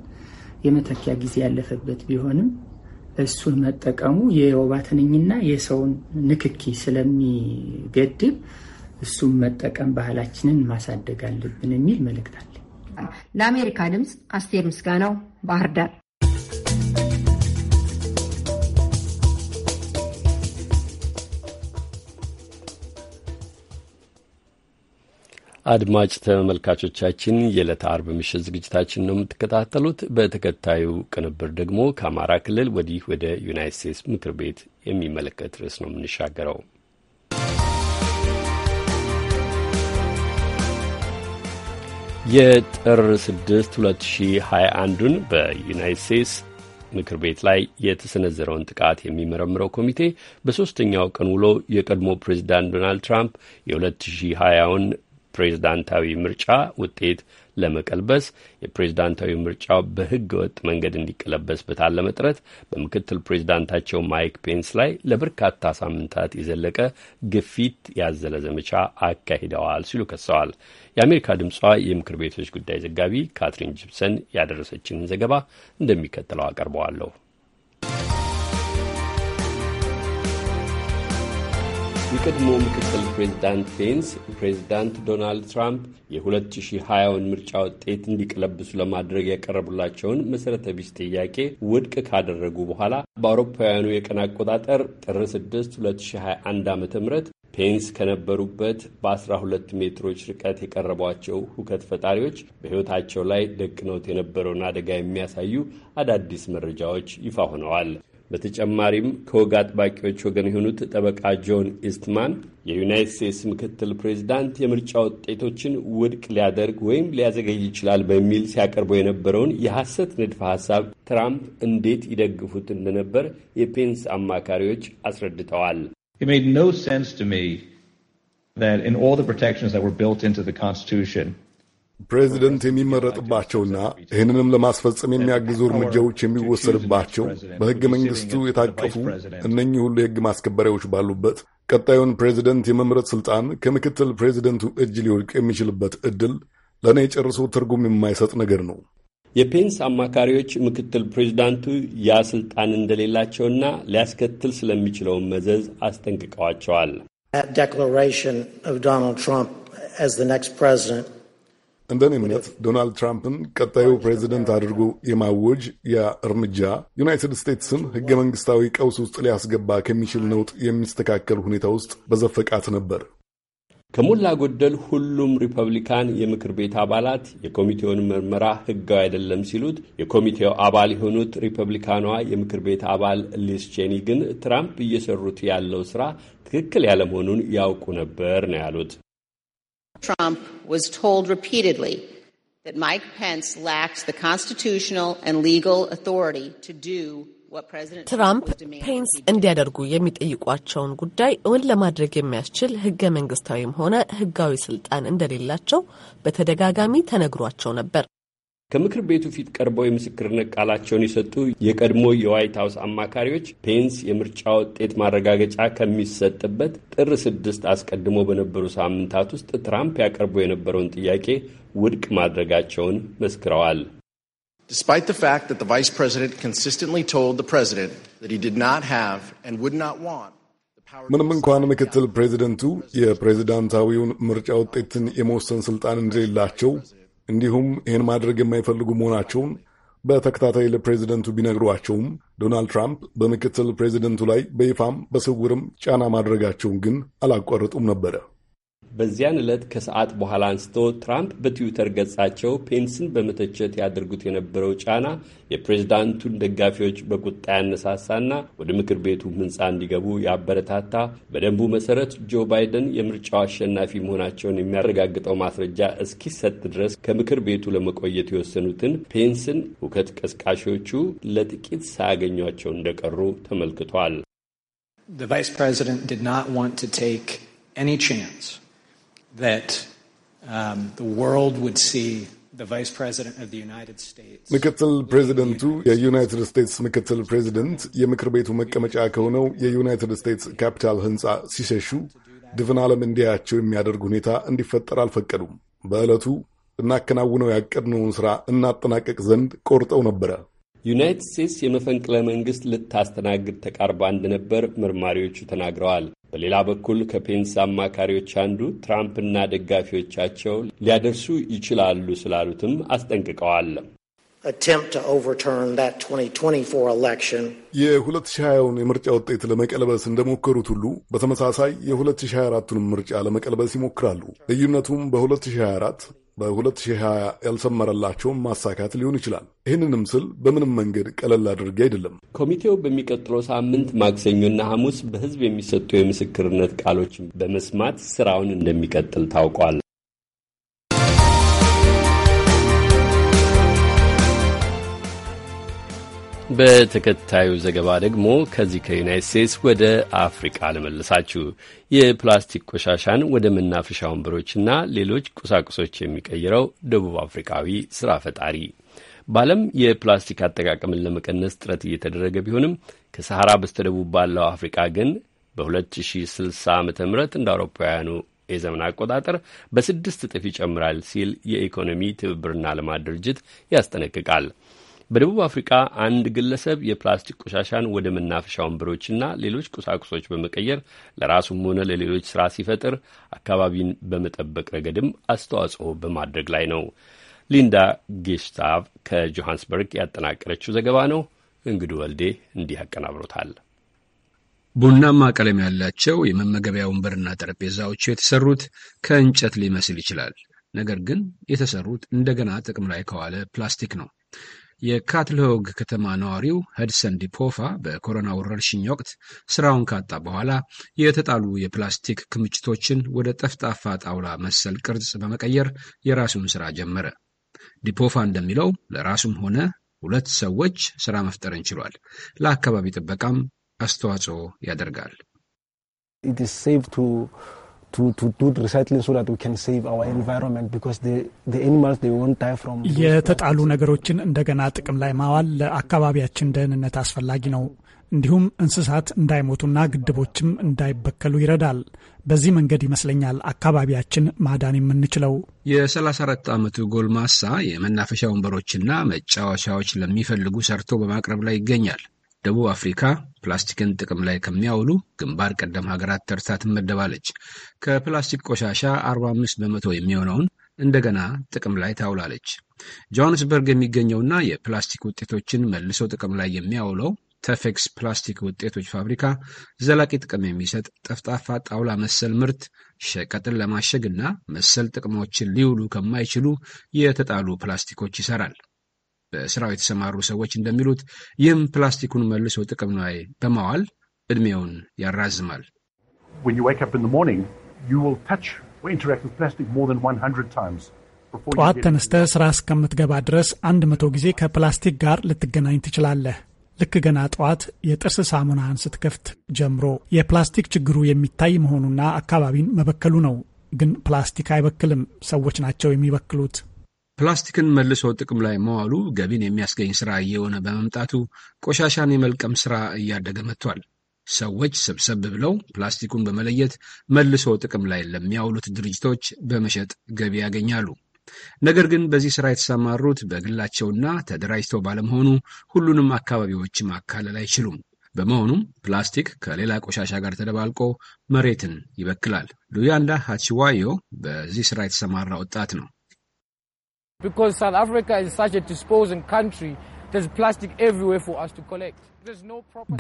የመተኪያ ጊዜ ያለፈበት ቢሆንም እሱን መጠቀሙ የወባ ትንኝና የሰውን ንክኪ ስለሚገድብ እሱን መጠቀም ባህላችንን ማሳደግ አለብን የሚል መልእክት አለ። ለአሜሪካ ድምፅ አስቴር ምስጋናው ባህር ዳር። አድማጭ ተመልካቾቻችን የዕለት አርብ ምሽት ዝግጅታችን ነው የምትከታተሉት። በተከታዩ ቅንብር ደግሞ ከአማራ ክልል ወዲህ ወደ ዩናይት ስቴትስ ምክር ቤት የሚመለከት ርዕስ ነው የምንሻገረው። የጥር 6 2021ን በዩናይት ስቴትስ ምክር ቤት ላይ የተሰነዘረውን ጥቃት የሚመረምረው ኮሚቴ በሦስተኛው ቀን ውሎ የቀድሞ ፕሬዚዳንት ዶናልድ ትራምፕ የ2020ውን ፕሬዝዳንታዊ ምርጫ ውጤት ለመቀልበስ የፕሬዝዳንታዊ ምርጫው በሕገ ወጥ መንገድ እንዲቀለበስ በታለመ ጥረት በምክትል ፕሬዝዳንታቸው ማይክ ፔንስ ላይ ለበርካታ ሳምንታት የዘለቀ ግፊት ያዘለ ዘመቻ አካሂደዋል ሲሉ ከሰዋል። የአሜሪካ ድምጿ የምክር ቤቶች ጉዳይ ዘጋቢ ካትሪን ጂፕሰን ያደረሰችንን ዘገባ እንደሚከተለው አቀርበዋለሁ። የቀድሞ ምክትል ፕሬዚዳንት ፔንስ ፕሬዚዳንት ዶናልድ ትራምፕ የ2020ን ምርጫ ውጤት እንዲቀለብሱ ለማድረግ ያቀረቡላቸውን መሠረተ ቢስ ጥያቄ ውድቅ ካደረጉ በኋላ በአውሮፓውያኑ የቀን አቆጣጠር ጥር 6 2021 ዓ ም ፔንስ ከነበሩበት በ12 ሜትሮች ርቀት የቀረቧቸው ሁከት ፈጣሪዎች በሕይወታቸው ላይ ደቅነውት የነበረውን አደጋ የሚያሳዩ አዳዲስ መረጃዎች ይፋ ሆነዋል። በተጨማሪም ከወግ አጥባቂዎች ወገን የሆኑት ጠበቃ ጆን ኢስትማን የዩናይት ስቴትስ ምክትል ፕሬዚዳንት የምርጫ ውጤቶችን ውድቅ ሊያደርግ ወይም ሊያዘገይ ይችላል በሚል ሲያቀርበው የነበረውን የሐሰት ንድፈ ሐሳብ ትራምፕ እንዴት ይደግፉት እንደነበር የፔንስ አማካሪዎች አስረድተዋል። It made no sense to me that in all the protections that were built into the Constitution, ፕሬዚደንት የሚመረጥባቸውና ይህንንም ለማስፈጸም የሚያግዙ እርምጃዎች የሚወሰድባቸው በሕገ መንግሥቱ የታቀፉ እነኚህ ሁሉ የሕግ ማስከበሪያዎች ባሉበት ቀጣዩን ፕሬዚደንት የመምረጥ ሥልጣን ከምክትል ፕሬዚደንቱ እጅ ሊወድቅ የሚችልበት ዕድል ለእኔ የጨርሶ ትርጉም የማይሰጥ ነገር ነው። የፔንስ አማካሪዎች ምክትል ፕሬዚዳንቱ ያ ስልጣን እንደሌላቸውና ሊያስከትል ስለሚችለው መዘዝ አስጠንቅቀዋቸዋል። That declaration of እንደ እኔ እምነት ዶናልድ ትራምፕን ቀጣዩ ፕሬዚደንት አድርጎ የማወጅ ያ እርምጃ ዩናይትድ ስቴትስን ህገ መንግስታዊ ቀውስ ውስጥ ሊያስገባ ከሚችል ነውጥ የሚስተካከል ሁኔታ ውስጥ በዘፈቃት ነበር። ከሞላ ጎደል ሁሉም ሪፐብሊካን የምክር ቤት አባላት የኮሚቴውን ምርመራ ህጋዊ አይደለም ሲሉት፣ የኮሚቴው አባል የሆኑት ሪፐብሊካኗ የምክር ቤት አባል ሊስ ቼኒ ግን ትራምፕ እየሰሩት ያለው ስራ ትክክል ያለመሆኑን ያውቁ ነበር ነው ያሉት። Trump was told repeatedly that Mike Pence lacked the constitutional and legal authority to do ትራምፕ ፔንስ እንዲያደርጉ የሚጠይቋቸውን ጉዳይ እውን ለማድረግ የሚያስችል ህገ መንግስታዊም ሆነ ህጋዊ ስልጣን እንደሌላቸው በተደጋጋሚ ተነግሯቸው ነበር። ከምክር ቤቱ ፊት ቀርበው የምስክርነት ቃላቸውን የሰጡ የቀድሞ የዋይት ሀውስ አማካሪዎች ፔንስ የምርጫ ውጤት ማረጋገጫ ከሚሰጥበት ጥር ስድስት አስቀድሞ በነበሩ ሳምንታት ውስጥ ትራምፕ ያቀርቡ የነበረውን ጥያቄ ውድቅ ማድረጋቸውን መስክረዋል። Despite the fact that the vice president consistently told the president that he did not have and would not want ምንም እንኳን ምክትል ፕሬዚደንቱ የፕሬዚዳንታዊውን ምርጫ ውጤትን የመወሰን ስልጣን እንደሌላቸው እንዲሁም ይህን ማድረግ የማይፈልጉ መሆናቸውን በተከታታይ ለፕሬዚደንቱ ቢነግሯቸውም ዶናልድ ትራምፕ በምክትል ፕሬዚደንቱ ላይ በይፋም በስውርም ጫና ማድረጋቸውን ግን አላቋረጡም ነበረ። በዚያን ዕለት ከሰዓት በኋላ አንስቶ ትራምፕ በትዊተር ገጻቸው ፔንስን በመተቸት ያደርጉት የነበረው ጫና የፕሬዝዳንቱን ደጋፊዎች በቁጣ ያነሳሳና ወደ ምክር ቤቱ ህንፃ እንዲገቡ ያበረታታ፣ በደንቡ መሰረት ጆ ባይደን የምርጫው አሸናፊ መሆናቸውን የሚያረጋግጠው ማስረጃ እስኪሰጥ ድረስ ከምክር ቤቱ ለመቆየት የወሰኑትን ፔንስን ሁከት ቀስቃሾቹ ለጥቂት ሳያገኟቸው እንደቀሩ ተመልክቷል። The vice president did not want to take any chance. that um, the world would see the Vice President of the United States. Mikatil President, the United States Mikatil President, Yemikrobetu the United States Capital Hunza Siseshu, Divanalam India Chimiadar Gunita, and the Federal Fakarum. በዕለቱ እናከናውነው ያቀድነውን ሥራ እናጠናቀቅ ዘንድ ቆርጠው ነበረ። ዩናይትድ ስቴትስ የመፈንቅለ መንግስት ልታስተናግድ ተቃርባ እንደነበር መርማሪዎቹ ተናግረዋል። በሌላ በኩል ከፔንስ አማካሪዎች አንዱ ትራምፕና ደጋፊዎቻቸው ሊያደርሱ ይችላሉ ስላሉትም አስጠንቅቀዋል። የ2020ውን የምርጫ ውጤት ለመቀልበስ እንደሞከሩት ሁሉ በተመሳሳይ የ2024ቱንም ምርጫ ለመቀልበስ ይሞክራሉ። ልዩነቱም በ2024 በ2020 ያልሰመረላቸውን ማሳካት ሊሆን ይችላል። ይህንንም ስል በምንም መንገድ ቀለል አድርጌ አይደለም። ኮሚቴው በሚቀጥለው ሳምንት ማክሰኞና ሐሙስ በህዝብ የሚሰጡ የምስክርነት ቃሎችን በመስማት ስራውን እንደሚቀጥል ታውቋል። በተከታዩ ዘገባ ደግሞ ከዚህ ከዩናይት ስቴትስ ወደ አፍሪቃ ልመልሳችሁ። የፕላስቲክ ቆሻሻን ወደ መናፈሻ ወንበሮችና ሌሎች ቁሳቁሶች የሚቀይረው ደቡብ አፍሪካዊ ስራ ፈጣሪ። በዓለም የፕላስቲክ አጠቃቀምን ለመቀነስ ጥረት እየተደረገ ቢሆንም ከሰሐራ በስተደቡብ ባለው አፍሪቃ ግን በ2060 ዓ ም እንደ አውሮፓውያኑ የዘመን አቆጣጠር በስድስት እጥፍ ይጨምራል ሲል የኢኮኖሚ ትብብርና ልማት ድርጅት ያስጠነቅቃል። በደቡብ አፍሪቃ አንድ ግለሰብ የፕላስቲክ ቆሻሻን ወደ መናፈሻ ወንበሮችና ሌሎች ቁሳቁሶች በመቀየር ለራሱም ሆነ ለሌሎች ስራ ሲፈጥር አካባቢን በመጠበቅ ረገድም አስተዋጽኦ በማድረግ ላይ ነው። ሊንዳ ጌሽታቭ ከጆሃንስበርግ ያጠናቀረችው ዘገባ ነው። እንግዱ ወልዴ እንዲህ አቀናብሮታል። ቡናማ ቀለም ያላቸው የመመገቢያ ወንበርና ጠረጴዛዎች የተሰሩት ከእንጨት ሊመስል ይችላል። ነገር ግን የተሰሩት እንደገና ጥቅም ላይ ከዋለ ፕላስቲክ ነው። የካትልሆግ ከተማ ነዋሪው ሄድሰን ዲፖፋ በኮሮና ወረርሽኝ ወቅት ስራውን ካጣ በኋላ የተጣሉ የፕላስቲክ ክምችቶችን ወደ ጠፍጣፋ ጣውላ መሰል ቅርጽ በመቀየር የራሱን ስራ ጀመረ። ዲፖፋ እንደሚለው ለራሱም ሆነ ሁለት ሰዎች ስራ መፍጠር እንችሏል። ለአካባቢ ጥበቃም አስተዋጽኦ ያደርጋል። የተጣሉ ነገሮችን እንደገና ጥቅም ላይ ማዋል ለአካባቢያችን ደህንነት አስፈላጊ ነው። እንዲሁም እንስሳት እንዳይሞቱና ግድቦችም እንዳይበከሉ ይረዳል። በዚህ መንገድ ይመስለኛል አካባቢያችን ማዳን የምንችለው። የ34 ዓመቱ ጎልማሳ የመናፈሻ ወንበሮችና መጫወቻዎች ለሚፈልጉ ሰርቶ በማቅረብ ላይ ይገኛል። ደቡብ አፍሪካ ፕላስቲክን ጥቅም ላይ ከሚያውሉ ግንባር ቀደም ሀገራት ተርታ ትመደባለች። ከፕላስቲክ ቆሻሻ 45 በመቶ የሚሆነውን እንደገና ጥቅም ላይ ታውላለች። ጆሃንስበርግ የሚገኘውና የፕላስቲክ ውጤቶችን መልሶ ጥቅም ላይ የሚያውለው ተፌክስ ፕላስቲክ ውጤቶች ፋብሪካ ዘላቂ ጥቅም የሚሰጥ ጠፍጣፋ ጣውላ መሰል ምርት ሸቀጥን ለማሸግ እና መሰል ጥቅሞችን ሊውሉ ከማይችሉ የተጣሉ ፕላስቲኮች ይሰራል። በስራው የተሰማሩ ሰዎች እንደሚሉት ይህም ፕላስቲኩን መልሶ ጥቅም ላይ በማዋል እድሜውን ያራዝማል። ጠዋት ተነስተ ስራ እስከምትገባ ድረስ አንድ መቶ ጊዜ ከፕላስቲክ ጋር ልትገናኝ ትችላለህ። ልክ ገና ጠዋት የጥርስ ሳሙናህን ስትከፍት ጀምሮ የፕላስቲክ ችግሩ የሚታይ መሆኑና አካባቢን መበከሉ ነው። ግን ፕላስቲክ አይበክልም፣ ሰዎች ናቸው የሚበክሉት። ፕላስቲክን መልሶ ጥቅም ላይ መዋሉ ገቢን የሚያስገኝ ስራ እየሆነ በመምጣቱ ቆሻሻን የመልቀም ስራ እያደገ መጥቷል። ሰዎች ሰብሰብ ብለው ፕላስቲኩን በመለየት መልሶ ጥቅም ላይ ለሚያውሉት ድርጅቶች በመሸጥ ገቢ ያገኛሉ። ነገር ግን በዚህ ስራ የተሰማሩት በግላቸውና ተደራጅተው ባለመሆኑ ሁሉንም አካባቢዎች ማካለል አይችሉም። በመሆኑም ፕላስቲክ ከሌላ ቆሻሻ ጋር ተደባልቆ መሬትን ይበክላል። ሉያንዳ ሃቺዋዮ በዚህ ስራ የተሰማራ ወጣት ነው።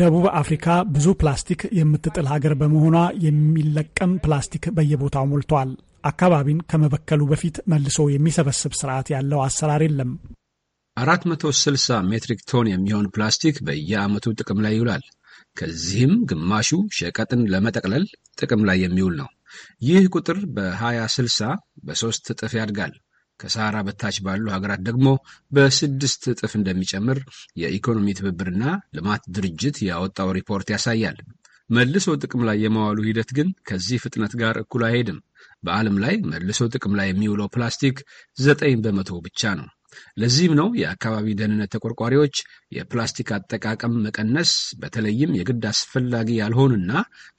ደቡብ አፍሪካ ብዙ ፕላስቲክ የምትጥል ሀገር በመሆኗ የሚለቀም ፕላስቲክ በየቦታው ሞልቷል። አካባቢን ከመበከሉ በፊት መልሶ የሚሰበስብ ስርዓት ያለው አሰራር የለም። 460 ሜትሪክ ቶን የሚሆን ፕላስቲክ በየዓመቱ ጥቅም ላይ ይውላል። ከዚህም ግማሹ ሸቀጥን ለመጠቅለል ጥቅም ላይ የሚውል ነው። ይህ ቁጥር በ2060 በሦስት እጥፍ ያድጋል። ከሰሃራ በታች ባሉ ሀገራት ደግሞ በስድስት እጥፍ እንደሚጨምር የኢኮኖሚ ትብብርና ልማት ድርጅት ያወጣው ሪፖርት ያሳያል። መልሶ ጥቅም ላይ የመዋሉ ሂደት ግን ከዚህ ፍጥነት ጋር እኩል አይሄድም። በዓለም ላይ መልሶ ጥቅም ላይ የሚውለው ፕላስቲክ ዘጠኝ በመቶ ብቻ ነው። ለዚህም ነው የአካባቢ ደህንነት ተቆርቋሪዎች የፕላስቲክ አጠቃቀም መቀነስ፣ በተለይም የግድ አስፈላጊ ያልሆኑና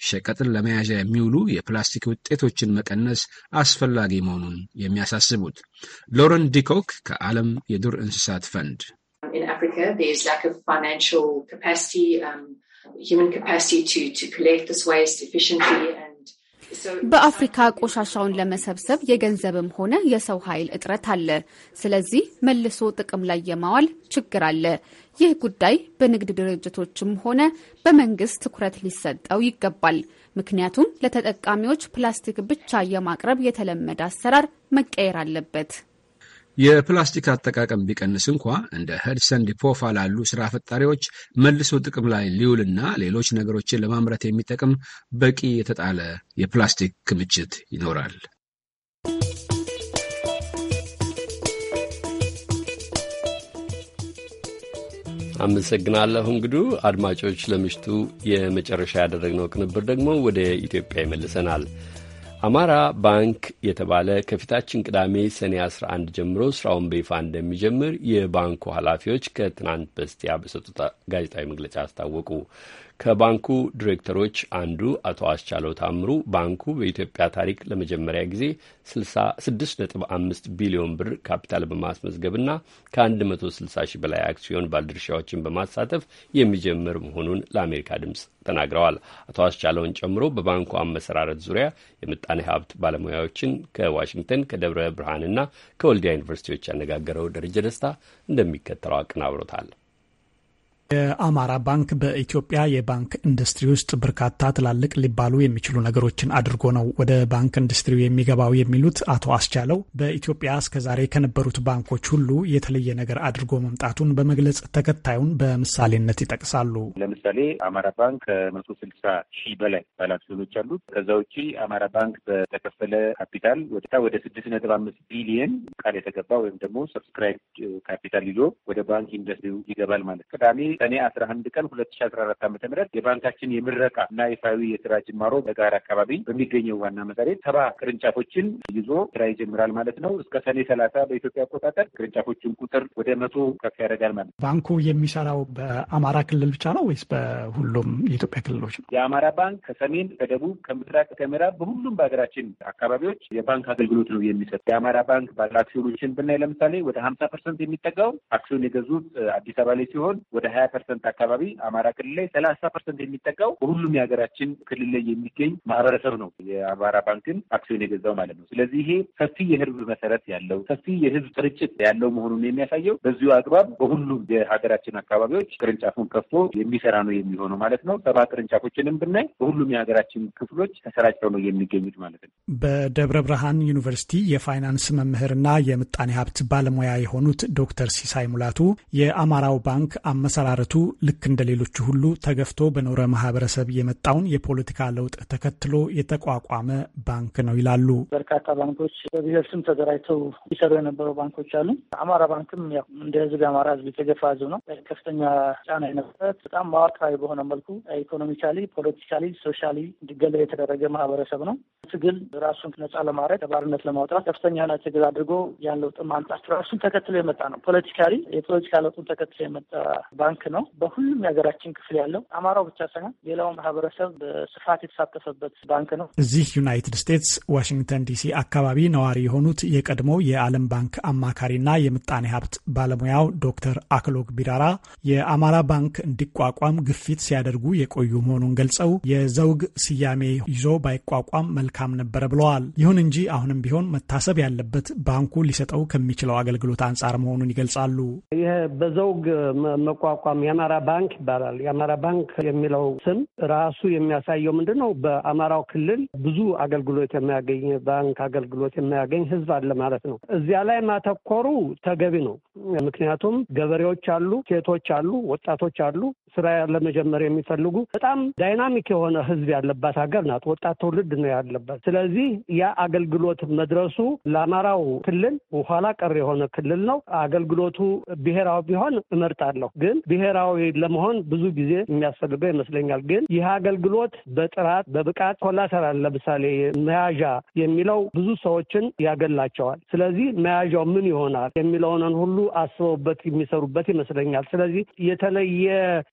ሸቀጥን ለመያዣ የሚውሉ የፕላስቲክ ውጤቶችን መቀነስ አስፈላጊ መሆኑን የሚያሳስቡት። ሎረን ዲኮክ ከዓለም የዱር እንስሳት ፈንድ በአፍሪካ ቆሻሻውን ለመሰብሰብ የገንዘብም ሆነ የሰው ኃይል እጥረት አለ። ስለዚህ መልሶ ጥቅም ላይ የማዋል ችግር አለ። ይህ ጉዳይ በንግድ ድርጅቶችም ሆነ በመንግስት ትኩረት ሊሰጠው ይገባል። ምክንያቱም ለተጠቃሚዎች ፕላስቲክ ብቻ የማቅረብ የተለመደ አሰራር መቀየር አለበት። የፕላስቲክ አጠቃቀም ቢቀንስ እንኳ እንደ ሄድሰን ዲፖፋ ላሉ ስራ ፈጣሪዎች መልሶ ጥቅም ላይ ሊውልና ሌሎች ነገሮችን ለማምረት የሚጠቅም በቂ የተጣለ የፕላስቲክ ክምችት ይኖራል። አመሰግናለሁ እንግዱ። አድማጮች፣ ለምሽቱ የመጨረሻ ያደረግነው ቅንብር ደግሞ ወደ ኢትዮጵያ ይመልሰናል። አማራ ባንክ የተባለ ከፊታችን ቅዳሜ ሰኔ 11 ጀምሮ ስራውን በይፋ እንደሚጀምር የባንኩ ኃላፊዎች ከትናንት በስቲያ በሰጡት ጋዜጣዊ መግለጫ አስታወቁ። ከባንኩ ዲሬክተሮች አንዱ አቶ አስቻለው ታምሩ ባንኩ በኢትዮጵያ ታሪክ ለመጀመሪያ ጊዜ 66.5 ቢሊዮን ብር ካፒታል በማስመዝገብና ከ160 ሺህ በላይ አክሲዮን ባለድርሻዎችን በማሳተፍ የሚጀምር መሆኑን ለአሜሪካ ድምፅ ተናግረዋል። አቶ አስቻለውን ጨምሮ በባንኩ አመሰራረት ዙሪያ የምጣኔ ሀብት ባለሙያዎችን ከዋሽንግተን ከደብረ ብርሃንና ከወልዲያ ዩኒቨርሲቲዎች ያነጋገረው ደረጀ ደስታ እንደሚከተለው አቀናብሮታል። የአማራ ባንክ በኢትዮጵያ የባንክ ኢንዱስትሪ ውስጥ በርካታ ትላልቅ ሊባሉ የሚችሉ ነገሮችን አድርጎ ነው ወደ ባንክ ኢንዱስትሪው የሚገባው የሚሉት አቶ አስቻለው በኢትዮጵያ እስከዛሬ ከነበሩት ባንኮች ሁሉ የተለየ ነገር አድርጎ መምጣቱን በመግለጽ ተከታዩን በምሳሌነት ይጠቅሳሉ። ለምሳሌ አማራ ባንክ ከመቶ ስልሳ ሺህ በላይ ባለአክሲዮኖች አሉት። ከዛ ውጪ አማራ ባንክ በተከፈለ ካፒታል ወደ ስድስት ነጥብ አምስት ቢሊየን ቃል የተገባ ወይም ደግሞ ሰብስክራይብ ካፒታል ይዞ ወደ ባንክ ኢንዱስትሪው ይገባል ማለት ቅዳሜ ሰኔ አስራ አንድ ቀን ሁለት ሺ አስራ አራት ዓመተ ምህረት የባንካችን የምረቃ እና ይፋዊ የስራ ጅማሮ በጋራ አካባቢ በሚገኘው ዋና መሰሬት ሰባ ቅርንጫፎችን ይዞ ስራ ይጀምራል ማለት ነው። እስከ ሰኔ ሰላሳ በኢትዮጵያ አቆጣጠር ቅርንጫፎችን ቁጥር ወደ መቶ ከፍ ያደርጋል ማለት ነው። ባንኩ የሚሰራው በአማራ ክልል ብቻ ነው ወይስ በሁሉም የኢትዮጵያ ክልሎች ነው? የአማራ ባንክ ከሰሜን ከደቡብ፣ ከምስራቅ፣ ከምዕራብ በሁሉም በሀገራችን አካባቢዎች የባንክ አገልግሎት ነው የሚሰጥ። የአማራ ባንክ ባለ አክሲዮኖችን ብናይ ለምሳሌ ወደ ሀምሳ ፐርሰንት የሚጠጋው አክሲዮን የገዙት አዲስ አበባ ላይ ሲሆን ወደ ሀያ ፐርሰንት አካባቢ አማራ ክልል ላይ ሰላሳ ፐርሰንት የሚጠጋው በሁሉም የሀገራችን ክልል ላይ የሚገኝ ማህበረሰብ ነው የአማራ ባንክን አክሲዮን የገዛው ማለት ነው። ስለዚህ ይሄ ሰፊ የህዝብ መሰረት ያለው ሰፊ የህዝብ ስርጭት ያለው መሆኑን የሚያሳየው በዚሁ አግባብ በሁሉም የሀገራችን አካባቢዎች ቅርንጫፉን ከፍቶ የሚሰራ ነው የሚሆነው ማለት ነው። ሰባ ቅርንጫፎችንም ብናይ በሁሉም የሀገራችን ክፍሎች ተሰራጭተው ነው የሚገኙት ማለት ነው። በደብረ ብርሃን ዩኒቨርሲቲ የፋይናንስ መምህርና የምጣኔ ሀብት ባለሙያ የሆኑት ዶክተር ሲሳይ ሙላቱ የአማራው ባንክ አመሰራ አመራረቱ ልክ እንደ ሌሎቹ ሁሉ ተገፍቶ በኖረ ማህበረሰብ የመጣውን የፖለቲካ ለውጥ ተከትሎ የተቋቋመ ባንክ ነው ይላሉ። በርካታ ባንኮች በብሔር ስም ተደራጅተው ይሰሩ የነበሩ ባንኮች አሉ። አማራ ባንክም ያው እንደ ህዝብ የአማራ ህዝብ የተገፋ ህዝብ ነው። ከፍተኛ ጫና የነበረት በጣም መዋቅራዊ በሆነ መልኩ ኢኮኖሚካሊ፣ ፖለቲካሊ፣ ሶሻሊ እንዲገለል የተደረገ ማህበረሰብ ነው። ትግል ራሱን ነጻ ለማድረግ ከባርነት ለማውጣት ከፍተኛ ትግል አድርጎ ያን ለውጥ ማምጣት ራሱን ተከትሎ የመጣ ነው። ፖለቲካሊ የፖለቲካ ለውጡን ተከትሎ የመጣ ባንክ ባንክ ነው። በሁሉም የሀገራችን ክፍል ያለው አማራው ብቻ ሳይሆን ሌላው ማህበረሰብ በስፋት የተሳተፈበት ባንክ ነው። እዚህ ዩናይትድ ስቴትስ ዋሽንግተን ዲሲ አካባቢ ነዋሪ የሆኑት የቀድሞ የዓለም ባንክ አማካሪና የምጣኔ ሀብት ባለሙያው ዶክተር አክሎግ ቢራራ የአማራ ባንክ እንዲቋቋም ግፊት ሲያደርጉ የቆዩ መሆኑን ገልጸው የዘውግ ስያሜ ይዞ ባይቋቋም መልካም ነበረ ብለዋል። ይሁን እንጂ አሁንም ቢሆን መታሰብ ያለበት ባንኩ ሊሰጠው ከሚችለው አገልግሎት አንጻር መሆኑን ይገልጻሉ። ይህ በዘውግ መቋቋም ተቋም የአማራ ባንክ ይባላል። የአማራ ባንክ የሚለው ስም ራሱ የሚያሳየው ምንድን ነው? በአማራው ክልል ብዙ አገልግሎት የማያገኝ ባንክ አገልግሎት የማያገኝ ህዝብ አለ ማለት ነው። እዚያ ላይ ማተኮሩ ተገቢ ነው። ምክንያቱም ገበሬዎች አሉ፣ ሴቶች አሉ፣ ወጣቶች አሉ፣ ስራ ለመጀመር የሚፈልጉ በጣም ዳይናሚክ የሆነ ህዝብ ያለባት ሀገር ናት። ወጣት ትውልድ ነው ያለባት። ስለዚህ ያ አገልግሎት መድረሱ ለአማራው ክልል ኋላ ቀር የሆነ ክልል ነው። አገልግሎቱ ብሔራዊ ቢሆን እመርጣለሁ ግን ብሔራዊ ለመሆን ብዙ ጊዜ የሚያስፈልገው ይመስለኛል። ግን ይህ አገልግሎት በጥራት በብቃት ኮላተራል፣ ለምሳሌ መያዣ የሚለው ብዙ ሰዎችን ያገላቸዋል። ስለዚህ መያዣው ምን ይሆናል የሚለውንን ሁሉ አስበውበት የሚሰሩበት ይመስለኛል። ስለዚህ የተለየ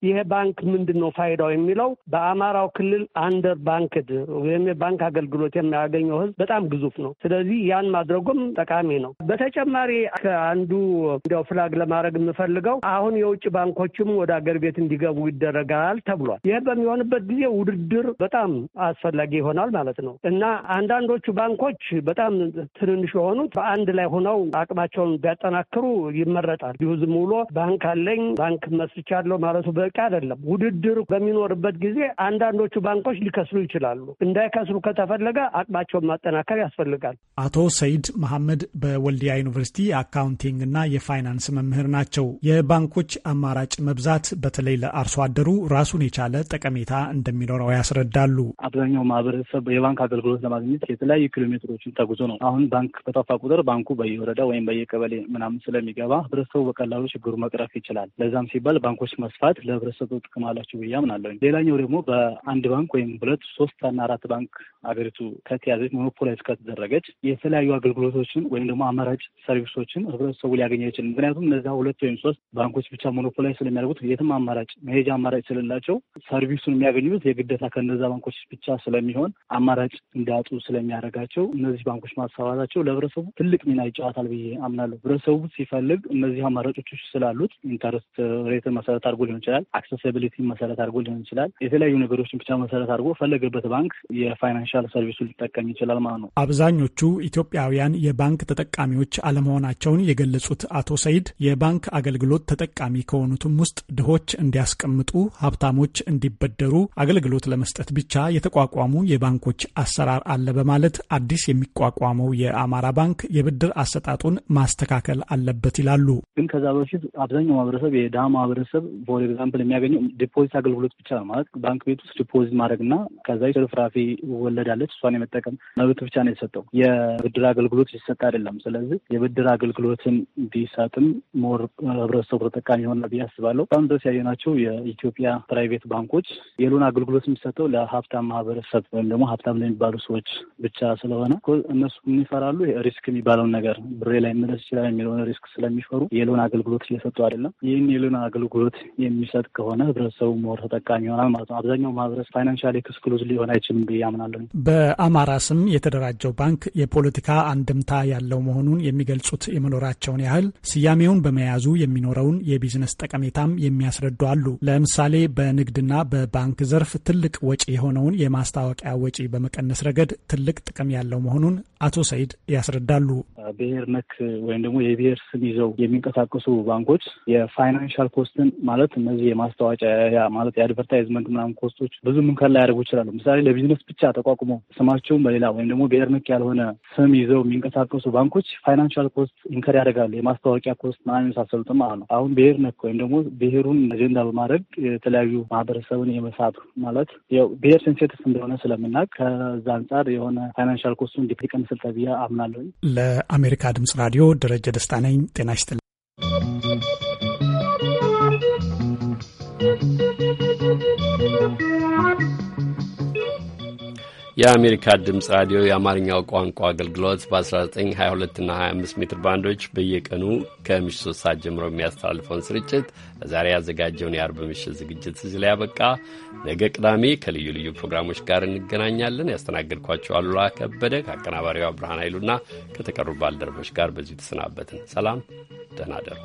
ይሄ ባንክ ምንድን ነው ፋይዳው የሚለው በአማራው ክልል አንደር ባንክድ ወይም የባንክ አገልግሎት የሚያገኘው ህዝብ በጣም ግዙፍ ነው። ስለዚህ ያን ማድረጉም ጠቃሚ ነው። በተጨማሪ ከአንዱ እንዲያው ፍላግ ለማድረግ የምፈልገው አሁን የውጭ ባንኮች ሰዎችም ወደ አገር ቤት እንዲገቡ ይደረጋል ተብሏል። ይህ በሚሆንበት ጊዜ ውድድር በጣም አስፈላጊ ይሆናል ማለት ነው እና አንዳንዶቹ ባንኮች በጣም ትንንሽ የሆኑት በአንድ ላይ ሆነው አቅማቸውን ቢያጠናክሩ ይመረጣል። እንዲሁ ዝም ብሎ ባንክ አለኝ ባንክ መስርቻለሁ ማለቱ በቂ አይደለም። ውድድር በሚኖርበት ጊዜ አንዳንዶቹ ባንኮች ሊከስሩ ይችላሉ። እንዳይከስሩ ከተፈለገ አቅማቸውን ማጠናከር ያስፈልጋል። አቶ ሰይድ መሐመድ በወልዲያ ዩኒቨርሲቲ የአካውንቲንግ እና የፋይናንስ መምህር ናቸው። የባንኮች አማራጭ መብዛት በተለይ ለአርሶ አደሩ ራሱን የቻለ ጠቀሜታ እንደሚኖረው ያስረዳሉ። አብዛኛው ማህበረሰብ የባንክ አገልግሎት ለማግኘት የተለያዩ ኪሎሜትሮችን ተጉዞ ነው። አሁን ባንክ በጠፋ ቁጥር ባንኩ በየወረዳ ወይም በየቀበሌ ምናምን ስለሚገባ ህብረተሰቡ በቀላሉ ችግሩ መቅረፍ ይችላል። ለዛም ሲባል ባንኮች መስፋት ለህብረተሰቡ ጥቅም አላቸው ብዬ አምናለሁ። ሌላኛው ደግሞ በአንድ ባንክ ወይም ሁለት ሶስት አራት ባንክ አገሪቱ ከተያዘች ሞኖፖላይዝ ከተደረገች የተለያዩ አገልግሎቶችን ወይም ደግሞ አማራጭ ሰርቪሶችን ህብረተሰቡ ሊያገኘ ይችል። ምክንያቱም እነዚያ ሁለት ወይም ሶስት ባንኮች ብቻ ሞኖፖላይ ስለሚ የሚያደርጉት የትም አማራጭ መሄጃ አማራጭ ስለሌላቸው ሰርቪሱን የሚያገኙት የግዴታ ከነዛ ባንኮች ብቻ ስለሚሆን አማራጭ እንዲያጡ ስለሚያደርጋቸው እነዚህ ባንኮች ማሰባታቸው ለህብረተሰቡ ትልቅ ሚና ይጫወታል ብዬ አምናለሁ። ህብረተሰቡ ሲፈልግ እነዚህ አማራጮች ስላሉት ኢንተረስት ሬትን መሰረት አድርጎ ሊሆን ይችላል፣ አክሴሲቢሊቲ መሰረት አድርጎ ሊሆን ይችላል፣ የተለያዩ ነገሮችን ብቻ መሰረት አድርጎ ፈለገበት ባንክ የፋይናንሻል ሰርቪሱ ሊጠቀም ይችላል ማለት ነው። አብዛኞቹ ኢትዮጵያውያን የባንክ ተጠቃሚዎች አለመሆናቸውን የገለጹት አቶ ሰይድ የባንክ አገልግሎት ተጠቃሚ ከሆኑትም ውስጥ ድሆች እንዲያስቀምጡ፣ ሀብታሞች እንዲበደሩ አገልግሎት ለመስጠት ብቻ የተቋቋሙ የባንኮች አሰራር አለ በማለት አዲስ የሚቋቋመው የአማራ ባንክ የብድር አሰጣጡን ማስተካከል አለበት ይላሉ። ግን ከዛ በፊት አብዛኛው ማህበረሰብ የድሃ ማህበረሰብ ፎር ኤግዛምፕል የሚያገኘው ዲፖዚት አገልግሎት ብቻ ነው። ማለት ባንክ ቤት ውስጥ ዲፖዚት ማድረግና ከዛ ፍራፊ ወለዳለች እሷን የመጠቀም መብት ብቻ ነው የተሰጠው። የብድር አገልግሎት ሲሰጥ አይደለም። ስለዚህ የብድር አገልግሎትን ቢሰጥም ሞር ህብረተሰቡ ተጠቃሚ ይሆናል ብዬ አስባለሁ። አስባለሁ። በጣም ድረስ ያየናቸው የኢትዮጵያ ፕራይቬት ባንኮች የሎን አገልግሎት የሚሰጠው ለሀብታም ማህበረሰብ ወይም ደግሞ ሀብታም ለሚባሉ ሰዎች ብቻ ስለሆነ እነሱ የሚፈራሉ ሪስክ የሚባለውን ነገር ብሬ ላይ መለስ ይችላል የሚለውን ሪስክ ስለሚፈሩ የሎን አገልግሎት እየሰጡ አይደለም። ይህን የሎን አገልግሎት የሚሰጥ ከሆነ ህብረተሰቡ ሞር ተጠቃሚ ይሆናል ማለት ነው። አብዛኛው ማህበረሰብ ፋይናንሻል ኤክስክሉዝ ሊሆን አይችልም ብዬ አምናለሁ። በአማራ ስም የተደራጀው ባንክ የፖለቲካ አንድምታ ያለው መሆኑን የሚገልጹት የመኖራቸውን ያህል ስያሜውን በመያዙ የሚኖረውን የቢዝነስ ጠቀሜታ ሁኔታም የሚያስረዱ አሉ። ለምሳሌ በንግድና በባንክ ዘርፍ ትልቅ ወጪ የሆነውን የማስታወቂያ ወጪ በመቀነስ ረገድ ትልቅ ጥቅም ያለው መሆኑን አቶ ሰይድ ያስረዳሉ። ብሔር ነክ ወይም ደግሞ የብሔር ስም ይዘው የሚንቀሳቀሱ ባንኮች የፋይናንሻል ኮስትን ማለት እነዚህ የማስታወቂያ ማለት የአድቨርታይዝመንት ምናምን ኮስቶች ብዙ ምንከን ላይ ያደርጉ ይችላሉ። ምሳሌ ለቢዝነስ ብቻ ተቋቁሞ ስማቸውን በሌላ ወይም ደግሞ ብሔር ነክ ያልሆነ ስም ይዘው የሚንቀሳቀሱ ባንኮች ፋይናንሻል ኮስት ኢንከር ያደርጋሉ። የማስታወቂያ ኮስት ምናምን የመሳሰሉትም ማለት ነው። አሁን ብሔር ነክ ወይም ደግሞ ብሔሩን አጀንዳ በማድረግ የተለያዩ ማህበረሰብን የመሳቱ ማለት ያው ብሔር ሴንሴቲቭ እንደሆነ ስለምናውቅ ከዛ አንጻር የሆነ ፋይናንሻል ኮስቱን ሊቀንስል ተብዬ አምናለሁ። ለአሜሪካ ድምጽ ራዲዮ ደረጀ ደስታ ነኝ። ጤና ይስጥልኝ። የአሜሪካ ድምፅ ራዲዮ የአማርኛው ቋንቋ አገልግሎት በ1922 እና 25 ሜትር ባንዶች በየቀኑ ከምሽቱ 3 ሰዓት ጀምሮ የሚያስተላልፈውን ስርጭት ለዛሬ ያዘጋጀውን የአርብ ምሽት ዝግጅት እዚህ ላይ ያበቃ። ነገ ቅዳሜ ከልዩ ልዩ ፕሮግራሞች ጋር እንገናኛለን። ያስተናገድኳቸው አሉላ ከበደ ከአቀናባሪዋ ብርሃን ኃይሉና ከተቀሩ ባልደረቦች ጋር በዚሁ ተሰናበትን። ሰላም፣ ደህና ደሩ።